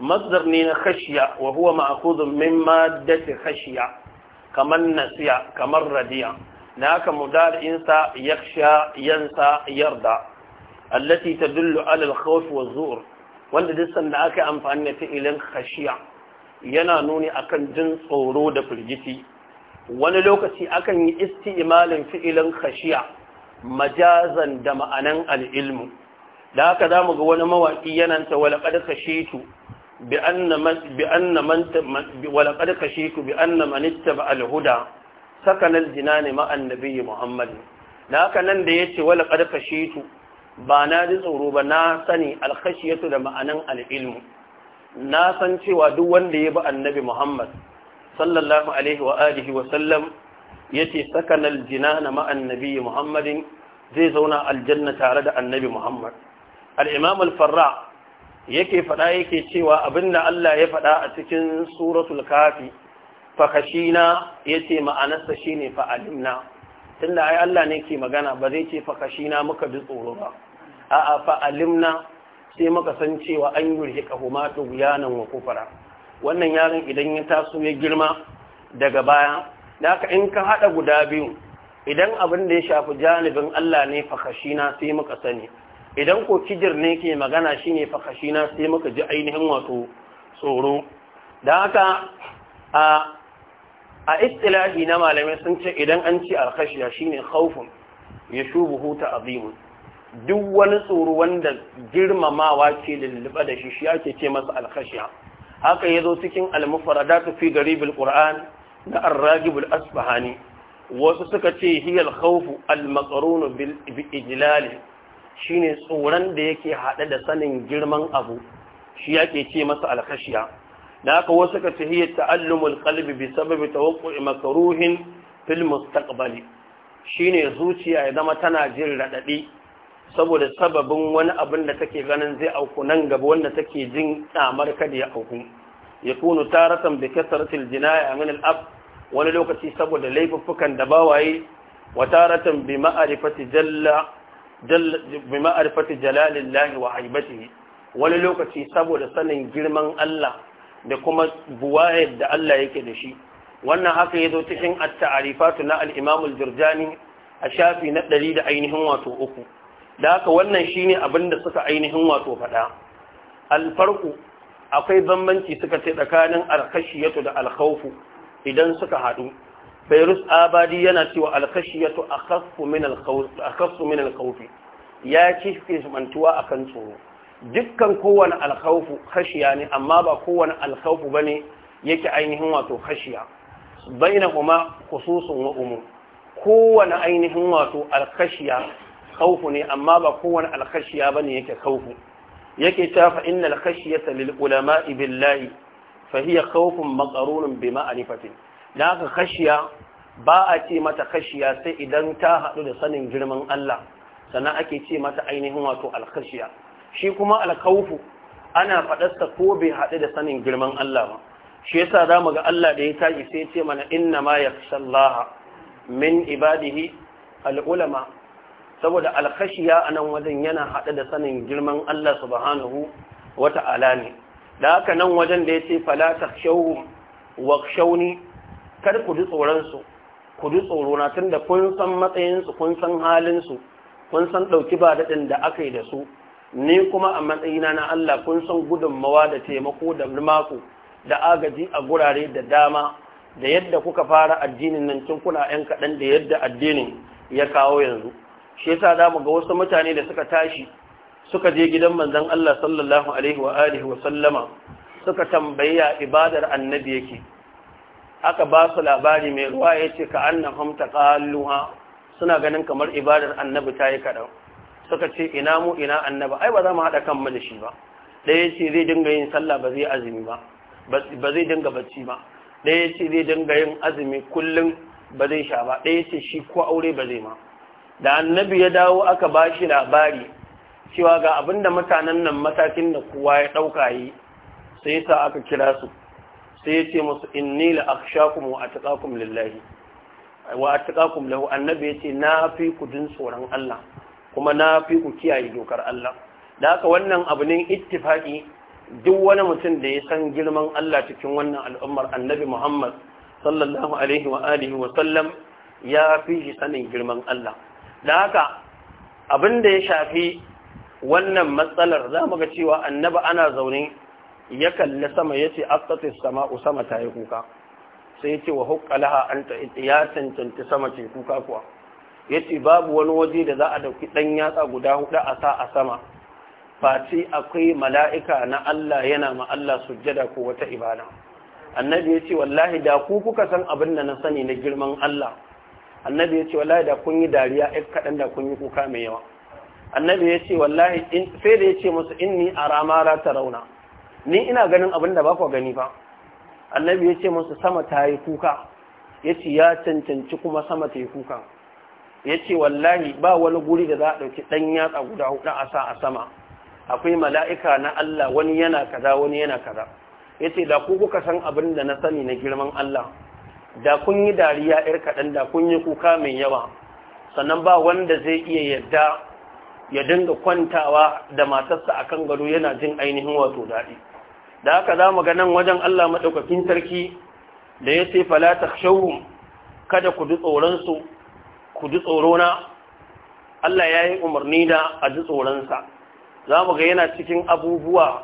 mazdar ne na kashiya, wa huwa ma'khudun min maddati kashiya, kamar nasiya kamar radiya na haka mudari'insa yaksha yansa yarda allati tadullu ala al-khawf wa zur wanda duk sanda aka amfani da fi'ilin khashiya yana nuni akan jin tsoro da firgiti. wani lokaci akan yi isti'malin fi'ilin khashiya majazan da ma'anan al-ilmu da haka za mu ga wani mawaƙi yana ta walaƙar kashe tu bi anna manitta ba alhuda sakanar jina ne ma'an nabiyyi Muhammad!" da haka nan da ya ce walaƙar ba na ji tsoro ba na sani alkashiyatu da ma'anan al'ilmu na san cewa duk wanda ya bi annabi Muhammad sallallahu alaihi wa alihi wa sallam yace sakana aljinana ma annabi Muhammadin zai zauna aljanna tare da annabi Muhammad al-imam al-farra yake fada yake cewa abinda Allah ya fada a cikin suratul kafi fa khashina yace ma'anarsa shine fa alimna tunda ai Allah ne ke magana ba zai ce fa khashina muka ji tsoro ba a'a fa alimna sai muka san cewa an yurhi kahuma duyanan wa kufara wannan yaron idan ya taso ya girma daga baya da haka in ka hada guda biyu idan abin da ya shafi janibin Allah ne fakashina sai muka sani idan ko kijir ne ke magana shine fakashina sai muka ji ainihin wato tsoro da haka a a istilahi na malamai sun ce idan an ce alkhashiya shine khawfun yashubuhu ta'zimun duk wani tsoro wanda girmamawa ke lullube da shi shi ake ce masa alkhashiya haka ya zo cikin ta fi garibul qur'an na arragibul asbahani wasu suka ce hiyal khawfu almaqrun bil shi ne tsoron da yake hada da sanin girman abu shi yake ce masa alkhashiya da haka wasu suka ce hiyat ta'allumul qalbi bi sababi tawaqqu'i makruhin fil mustaqbali shine zuciya ya zama tana jin raɗaɗi saboda sababin wani abin da take ganin zai auku nan gaba wanda take jin tsamar kada ya auku ya kunu taratan bi kasratil jinaya min al-ab wani lokaci saboda laifuffukan da bawaye wa taratan bi ma'rifati jalla bi ma'rifati jalalillahi wa aibatihi wani lokaci saboda sanin girman Allah da kuma buwayar da Allah yake da shi wannan haka ya zo cikin at-ta'rifatu na al-imam al-jurjani a shafi na 100 da ainihin wato uku da haka wannan shine abin da suka ainihin wato faɗa alfarku akwai bambanci suka ce tsakanin alkashiyatu da alkhawfu idan suka haɗu Fairus Abadi yana cewa alkashiyatu akhaffu min akhaffu ya ci mantuwa akan tsoro dukkan kowane alkhawfu khashiya ne amma ba kowane alkhawfu bane yake ainihin wato khashiya bainahuma khususun wa umum kowane ainihin wato alkashiya alkhawfu ne amma ba kowane alkhashiya bane yake khawfu yake ta fa innal khashiyata lil ulama'i billahi fa hiya khawfun maqrunun bi ma'rifatin dan haka khashiya ba a ce mata khashiya sai idan ta hadu da sanin girman Allah sannan ake ce mata ainihin wato alkhashiya shi kuma alkhawfu ana faɗarsa ko bai haɗu da sanin girman Allah ba shi yasa za mu ga Allah da ya tashi sai ce mana inna ma yakhshallaha min ibadihi al'ulama saboda alkashiya a nan wajen yana haɗa da sanin girman Allah subhanahu wa ta'ala ne da haka nan wajen da ya ce falata wa shauni kar ku ji tsoronsu ku ji tsorona tun da kun san matsayinsu kun san halinsu kun san ɗauki ba daɗin da aka yi da su ni kuma a matsayina na Allah kun san gudunmawa da taimako da mako da agaji a gurare da dama da yadda kuka fara addinin nan tun kuna ‘yan kaɗan da yadda addinin ya kawo yanzu shi yasa za mu ga wasu mutane da suka tashi suka je gidan manzon Allah sallallahu alaihi wa alihi wa sallama suka tambayya ibadar annabi yake aka ba su labari mai ruwa ya ce ka annahum taqalluha suna ganin kamar ibadar annabi ta yi kaɗan suka ce ina mu ina annabi ai ba za mu haɗa kanmu da shi ba ɗaya ce zai dinga yin sallah ba zai azumi ba ba zai dinga bacci ba ɗaya ce zai dinga yin azumi kullum ba zai sha ba ɗaya ce shi ko aure ba zai ma da annabi ya dawo aka ba shi labari cewa ga abinda mutanen nan matakin da kowa ya ɗauka yi sai sa aka kira su sai ya ce musu inni la akhshakum wa atqakum lillahi wa atqakum lahu annabi ya ce na fi ku din tsoron Allah kuma na fi ku kiyaye dokar Allah da haka wannan abu ne ittifaqi duk wani mutum da ya san girman Allah cikin wannan al'ummar annabi Muhammad sallallahu alaihi wa alihi wa sallam ya fi shi sanin girman Allah da haka abin da ya shafi wannan matsalar za mu ga cewa annaba ana zaune ya kalli sama ya ce aftatis sama'u sama ta yi kuka sai ya ce wa hukkalaha an ta ya cancanci sama ce kuka kuwa ya ce babu wani waje da za a dauki ɗan yatsa guda hudu a sa a sama face akwai mala'ika na Allah yana ma Allah sujjada ko wata ibada annabi ya ce wallahi da ku kuka san abin da na sani na girman Allah annabi ya ce wallahi da kun yi dariya ɗan kaɗan da kun yi kuka mai yawa annabi ya ce wallahi sai da ya ce musu inni a rama la ta rauna ni ina ganin abin da ba gani ba annabi ya ce musu sama ta yi kuka ya ce ya cancanci kuma sama ta yi kuka ya ce wallahi ba wani guri da za a ɗauki ɗan yatsa guda hudu a sa a sama akwai mala'ika na Allah wani yana kaza wani yana kaza ya ce da ku kuka san abin da na sani na girman Allah da kun yi dariya ‘yar kaɗan da kun yi kuka mai yawa sannan ba wanda zai iya yadda ya dinga kwantawa da matarsa a kan gado yana jin ainihin wato daɗi da haka za mu ganin wajen Allah maɗaukakin sarki da ya ce falata shawun kada ku ji tsoronsu ku ji tsorona Allah ya yi umarni da a ji tsoronsa za mu ga yana cikin abubuwa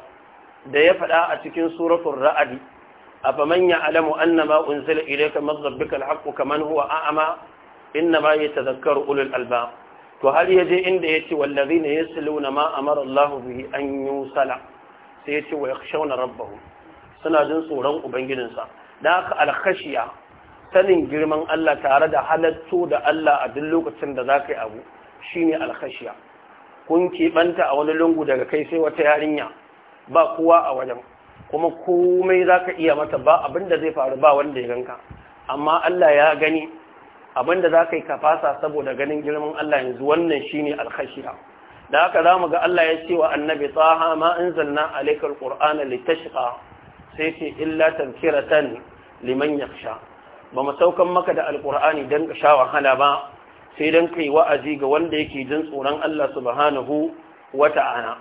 da ya faɗa a cikin suratun ra'adi afaman ya alamu annama unzila ilayka min rabbika alhaq kaman huwa a'ma inma yatadhakkaru ulul albab to har ya je inda yace wallazina yasluna ma amara allah bihi an yusala sai yace wa yakhshawna rabbahum suna jin tsoron ubangijin sa da aka alkhashiya sanin girman Allah tare da halatto da Allah a duk lokacin da za zakai abu shine alkashiya. kun kibanta a wani lungu daga kai sai wata yarinya ba kowa a wajen kuma komai za ka iya mata ba abinda zai faru ba wanda ya ganka amma Allah ya gani abinda za ka yi kafasa saboda ganin girman Allah yanzu wannan shi ne alkhashiya da haka za mu ga Allah ya ce wa annabi tsaha ma in zanna alaikar ƙur'ana littashika sai ce illa tazkiratan liman yaksha ba mu saukan maka da alƙur'ani don ka sha wahala ba sai don kai wa'azi ga wanda yake jin tsoron Allah subhanahu wa ta'ala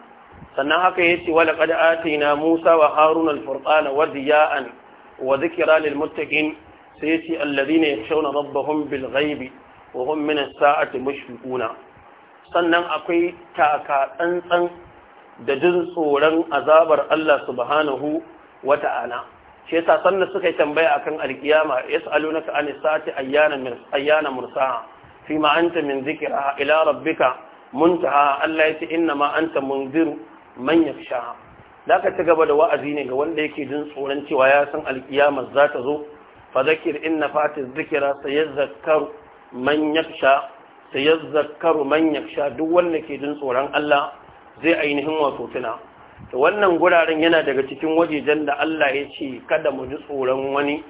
sannan haka yace wala qad atina Musa wa Harun al-furqana wa diya'an wa sai lil muttaqin sai ne ya yakhshawna rabbahum bil ghaibi wa hum min saati mushfiquna sannan akwai taka tsantsan da jin tsoron azabar Allah subhanahu wa ta'ala shi yasa sannan suka yi tambaya akan alkiyama yas'alunaka an sa'ati ayyana ayyana mursaha fi ma min dhikra ila rabbika muntaha Allah ce inna ma'anta mun man sha. da ka ci gaba da wa'azi ne ga wanda yake jin tsoron cewa ya san alkiyamar za ta zo fa zakir inna fati zikira sha, man yakhsha sayazakkaru man sha, duk wanda ke jin tsoron Allah zai ainihin wato tuna to wannan guraren yana daga cikin wajejen da Allah ya ce kada mu ji tsoron wani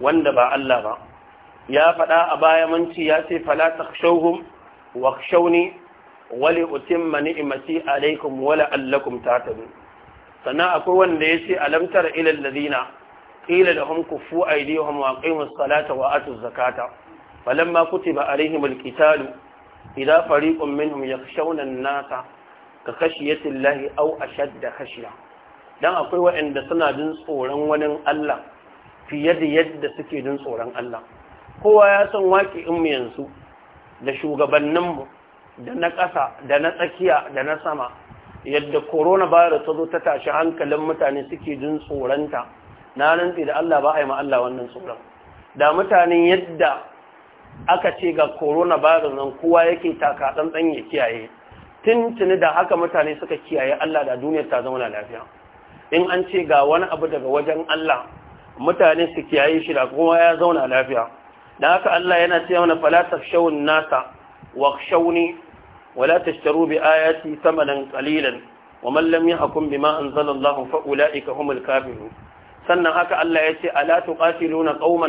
wanda ba Allah ba ya faɗa a baya manci ya ce fala wa shauni. wali utimma ni'mati alaikum wala allakum tatadun sannan akwai wanda ya ce alamtar ila alladhina qila lahum kufu aydihim wa aqimus salata wa atuz zakata falamma kutiba alaihim alqitalu idza fariqun minhum yakhshawna an-nasa ka khashiyati llahi aw ashadda khashya dan akwai waɗanda suna jin tsoron wani Allah fiye da yadda suke jin tsoron Allah kowa ya san waki in mu yanzu da shugabanninmu da na ƙasa da na tsakiya da na sama yadda coronavirus ta zo ta tashi hankalin mutane suke jin tsoronta na rantsi da Allah ba a yi ma wannan tsoron da mutane yadda aka ce ga coronavirus nan kowa yake taka tsantsan ya kiyaye tuntuni da haka mutane suka kiyaye Allah da duniyar ta zauna lafiya in an ce ga wani abu daga wajen Allah mutane su kiyaye shi da kowa ya zauna lafiya da haka Allah yana ce mana fala shaun nasa wa shauni. ولا تشتروا بآياتي ثمنا قليلا ومن لم يحكم بما أنزل الله فأولئك هم الكافرون sannan haka Allah ya ce alatu ala na qauman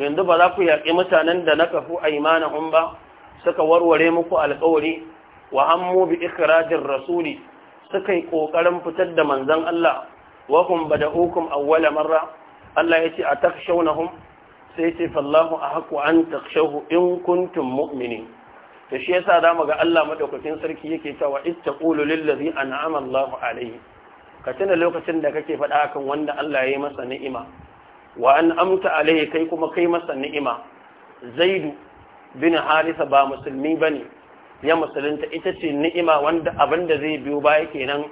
yanzu ba za ku yaƙi mutanen da nakafu aymanahum ba suka warware muku alƙawari wa hammu bi ikhrajir rasuli suka ƙoƙarin fitar da manzon Allah wa hum ukun awwala marra Allah ya ce atakhshawnahum sai ce fallahu ahqqu an takhshawhu in kuntum mu'minin to shi yasa zamu ga Allah madaukakin sarki yake cewa ittaqulu lillazi an'ama Allahu alayhi ka tuna lokacin da kake faɗa kan wanda Allah ya yi masa ni'ima wa an amta alayhi kai kuma kai masa ni'ima zaidu bin harisa ba musulmi bane ya musulunta ita ce ni'ima wanda abin da zai biyo baya kenan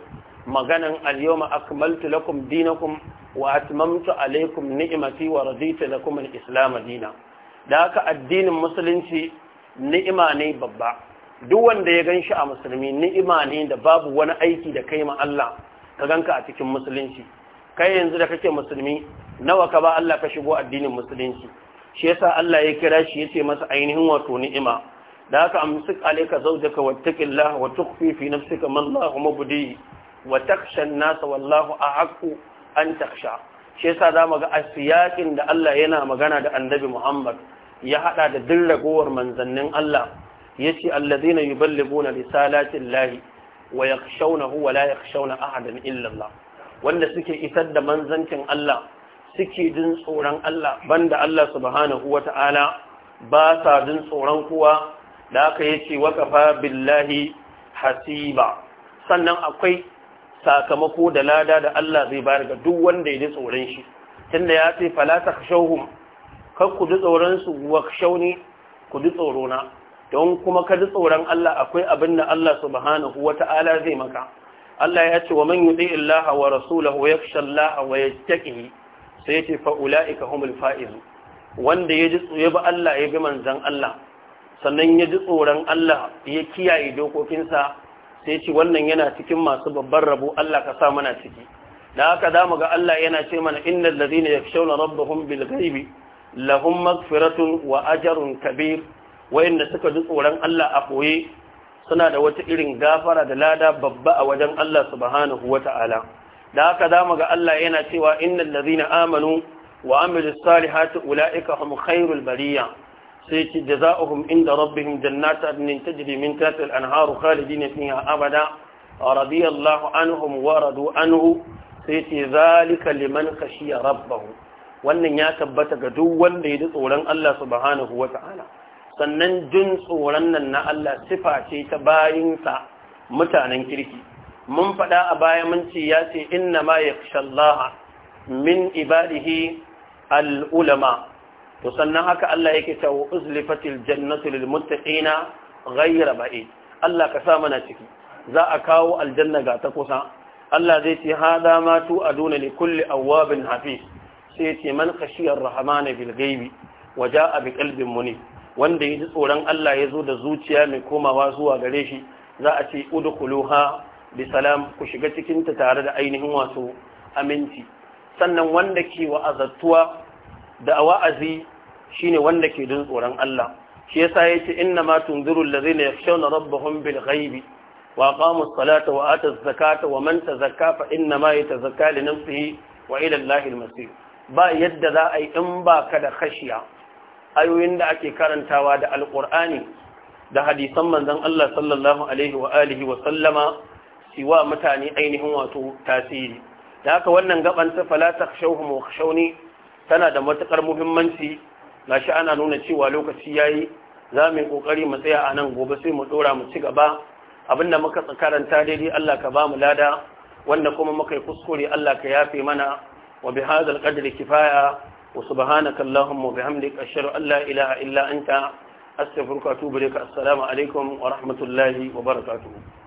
maganan al-yawma akmaltu lakum dinakum wa atmamtu alaykum ni'mati wa raditu lakum al-islam dinan da haka addinin musulunci ni'ima ne babba duk wanda ya gan shi a musulmi ni'ima ne da babu wani aiki da kai ma Allah ka ganka a cikin musulunci kai yanzu da kake musulmi nawa ka ba Allah ka shigo addinin musulunci shi yasa Allah ya kira shi yace masa ainihin wato ni'ima da haka amsik alayka zawjaka wattaqillah wa tukhfi fi nafsika ma Allah mubdi wa takhsha an nasa wallahu ahqqu an takhsha shi yasa zamu ga asiyakin da Allah yana magana da Annabi Muhammad ya hada da duk ragowar manzannin Allah yace allazina yuballiguna risalati llahi wa yakhshawnahu wa la yakhshawna ahadan illa Allah wanda suke isar da manzancin Allah suke jin tsoron Allah banda Allah subhanahu wata'ala ba sa jin tsoron kowa da aka yace wa kafa billahi hasiba sannan akwai sakamako da lada da Allah zai bayar ga duk wanda ya ji tsoron shi tunda ya ce fala takhshawhum kar ku ji tsoron su wa shauni ku ji tsoro na don kuma ka ji tsoron Allah akwai abin da Allah subhanahu wa Ta'ala zai maka Allah ya ce wa man yudi illaha wa rasulahu yakhsha Allah wa yattaqi sai ce fa ulaika humul faiz wanda ya ji tsoye ba Allah ya bi manzon Allah sannan ya ji tsoron Allah ya kiyaye dokokinsa sai ce wannan yana cikin masu babban rabo Allah ka sa mana ciki da haka zamu ga Allah yana ce mana innal ladina yakhshawna rabbahum bil ghaibi lahun magfiratun wa ajarun kabir wayanda suka ji tsoron Allah a koye suna da wata irin gafara da lada babba a wajen Allah subhanahu wata'ala da haka zamu ga Allah yana cewa innal ladhina amanu wa amilus salihati ulaika hum khairul bariya sai ce jazaohum inda rabbihim jannatu adnin tajri min tahtiha al-anharu khalidina fiha abada radiyallahu anhum wa radu anhu sai ce zalika liman khashiya rabbahu wannan ya tabbata ga duk wanda ya ji tsoron Allah subhanahu wa ta'ala sannan jin tsoron nan na Allah sifa ce ta bayinsa mutanen kirki mun faɗa a baya mun ce ya ce inna ma yakhshallaha min ibadihi al'ulama? to sannan haka Allah yake cewa uzlifatil jannatu lil muttaqina ghayra ba'id Allah ka sa mana ciki za a kawo aljanna ga ta kusa Allah zai ce hada ma tu aduna li kulli awabin hafiz sai ce man khashiyar na bilgaibi ghaibi a bi qalbin ne. wanda yaji tsoron Allah ya zo da zuciya mai komawa zuwa gare shi za a ce udkhuluha bi salam ku shiga cikin ta tare da ainihin wasu aminci sannan wanda ke wa'azattuwa da wa'azi shine wanda ke dun tsoron Allah shi yasa yace inna ma tunziru allazina yakhshawna rabbahum bil ghaibi wa aqamu as-salata wa atu az-zakata wa man tazakka fa inna ma yatazakka li nafsihi wa ila allahi al-masir ba yadda za a yi in ba ka da kashiya. ayoyin da ake karantawa da alƙur'ani da hadisan manzon Allah sallallahu alaihi wa alihi wa sallama siwa mutane ainihin wato tasiri da haka wannan gaban ta fala takhshawhum wakhshawni tana da matukar muhimmanci shi ana nuna cewa lokaci yayi za mu yi ƙoƙari mu tsaya a nan gobe sai mu ɗora mu ci gaba abinda muka karanta daidai Allah ka ba mu lada wanda kuma muka yi kuskure Allah ka yafe mana وبهذا القدر كفاية وسبحانك اللهم وبحمدك أشهد أن لا إله إلا أنت أستغفرك وأتوب إليك السلام عليكم ورحمة الله وبركاته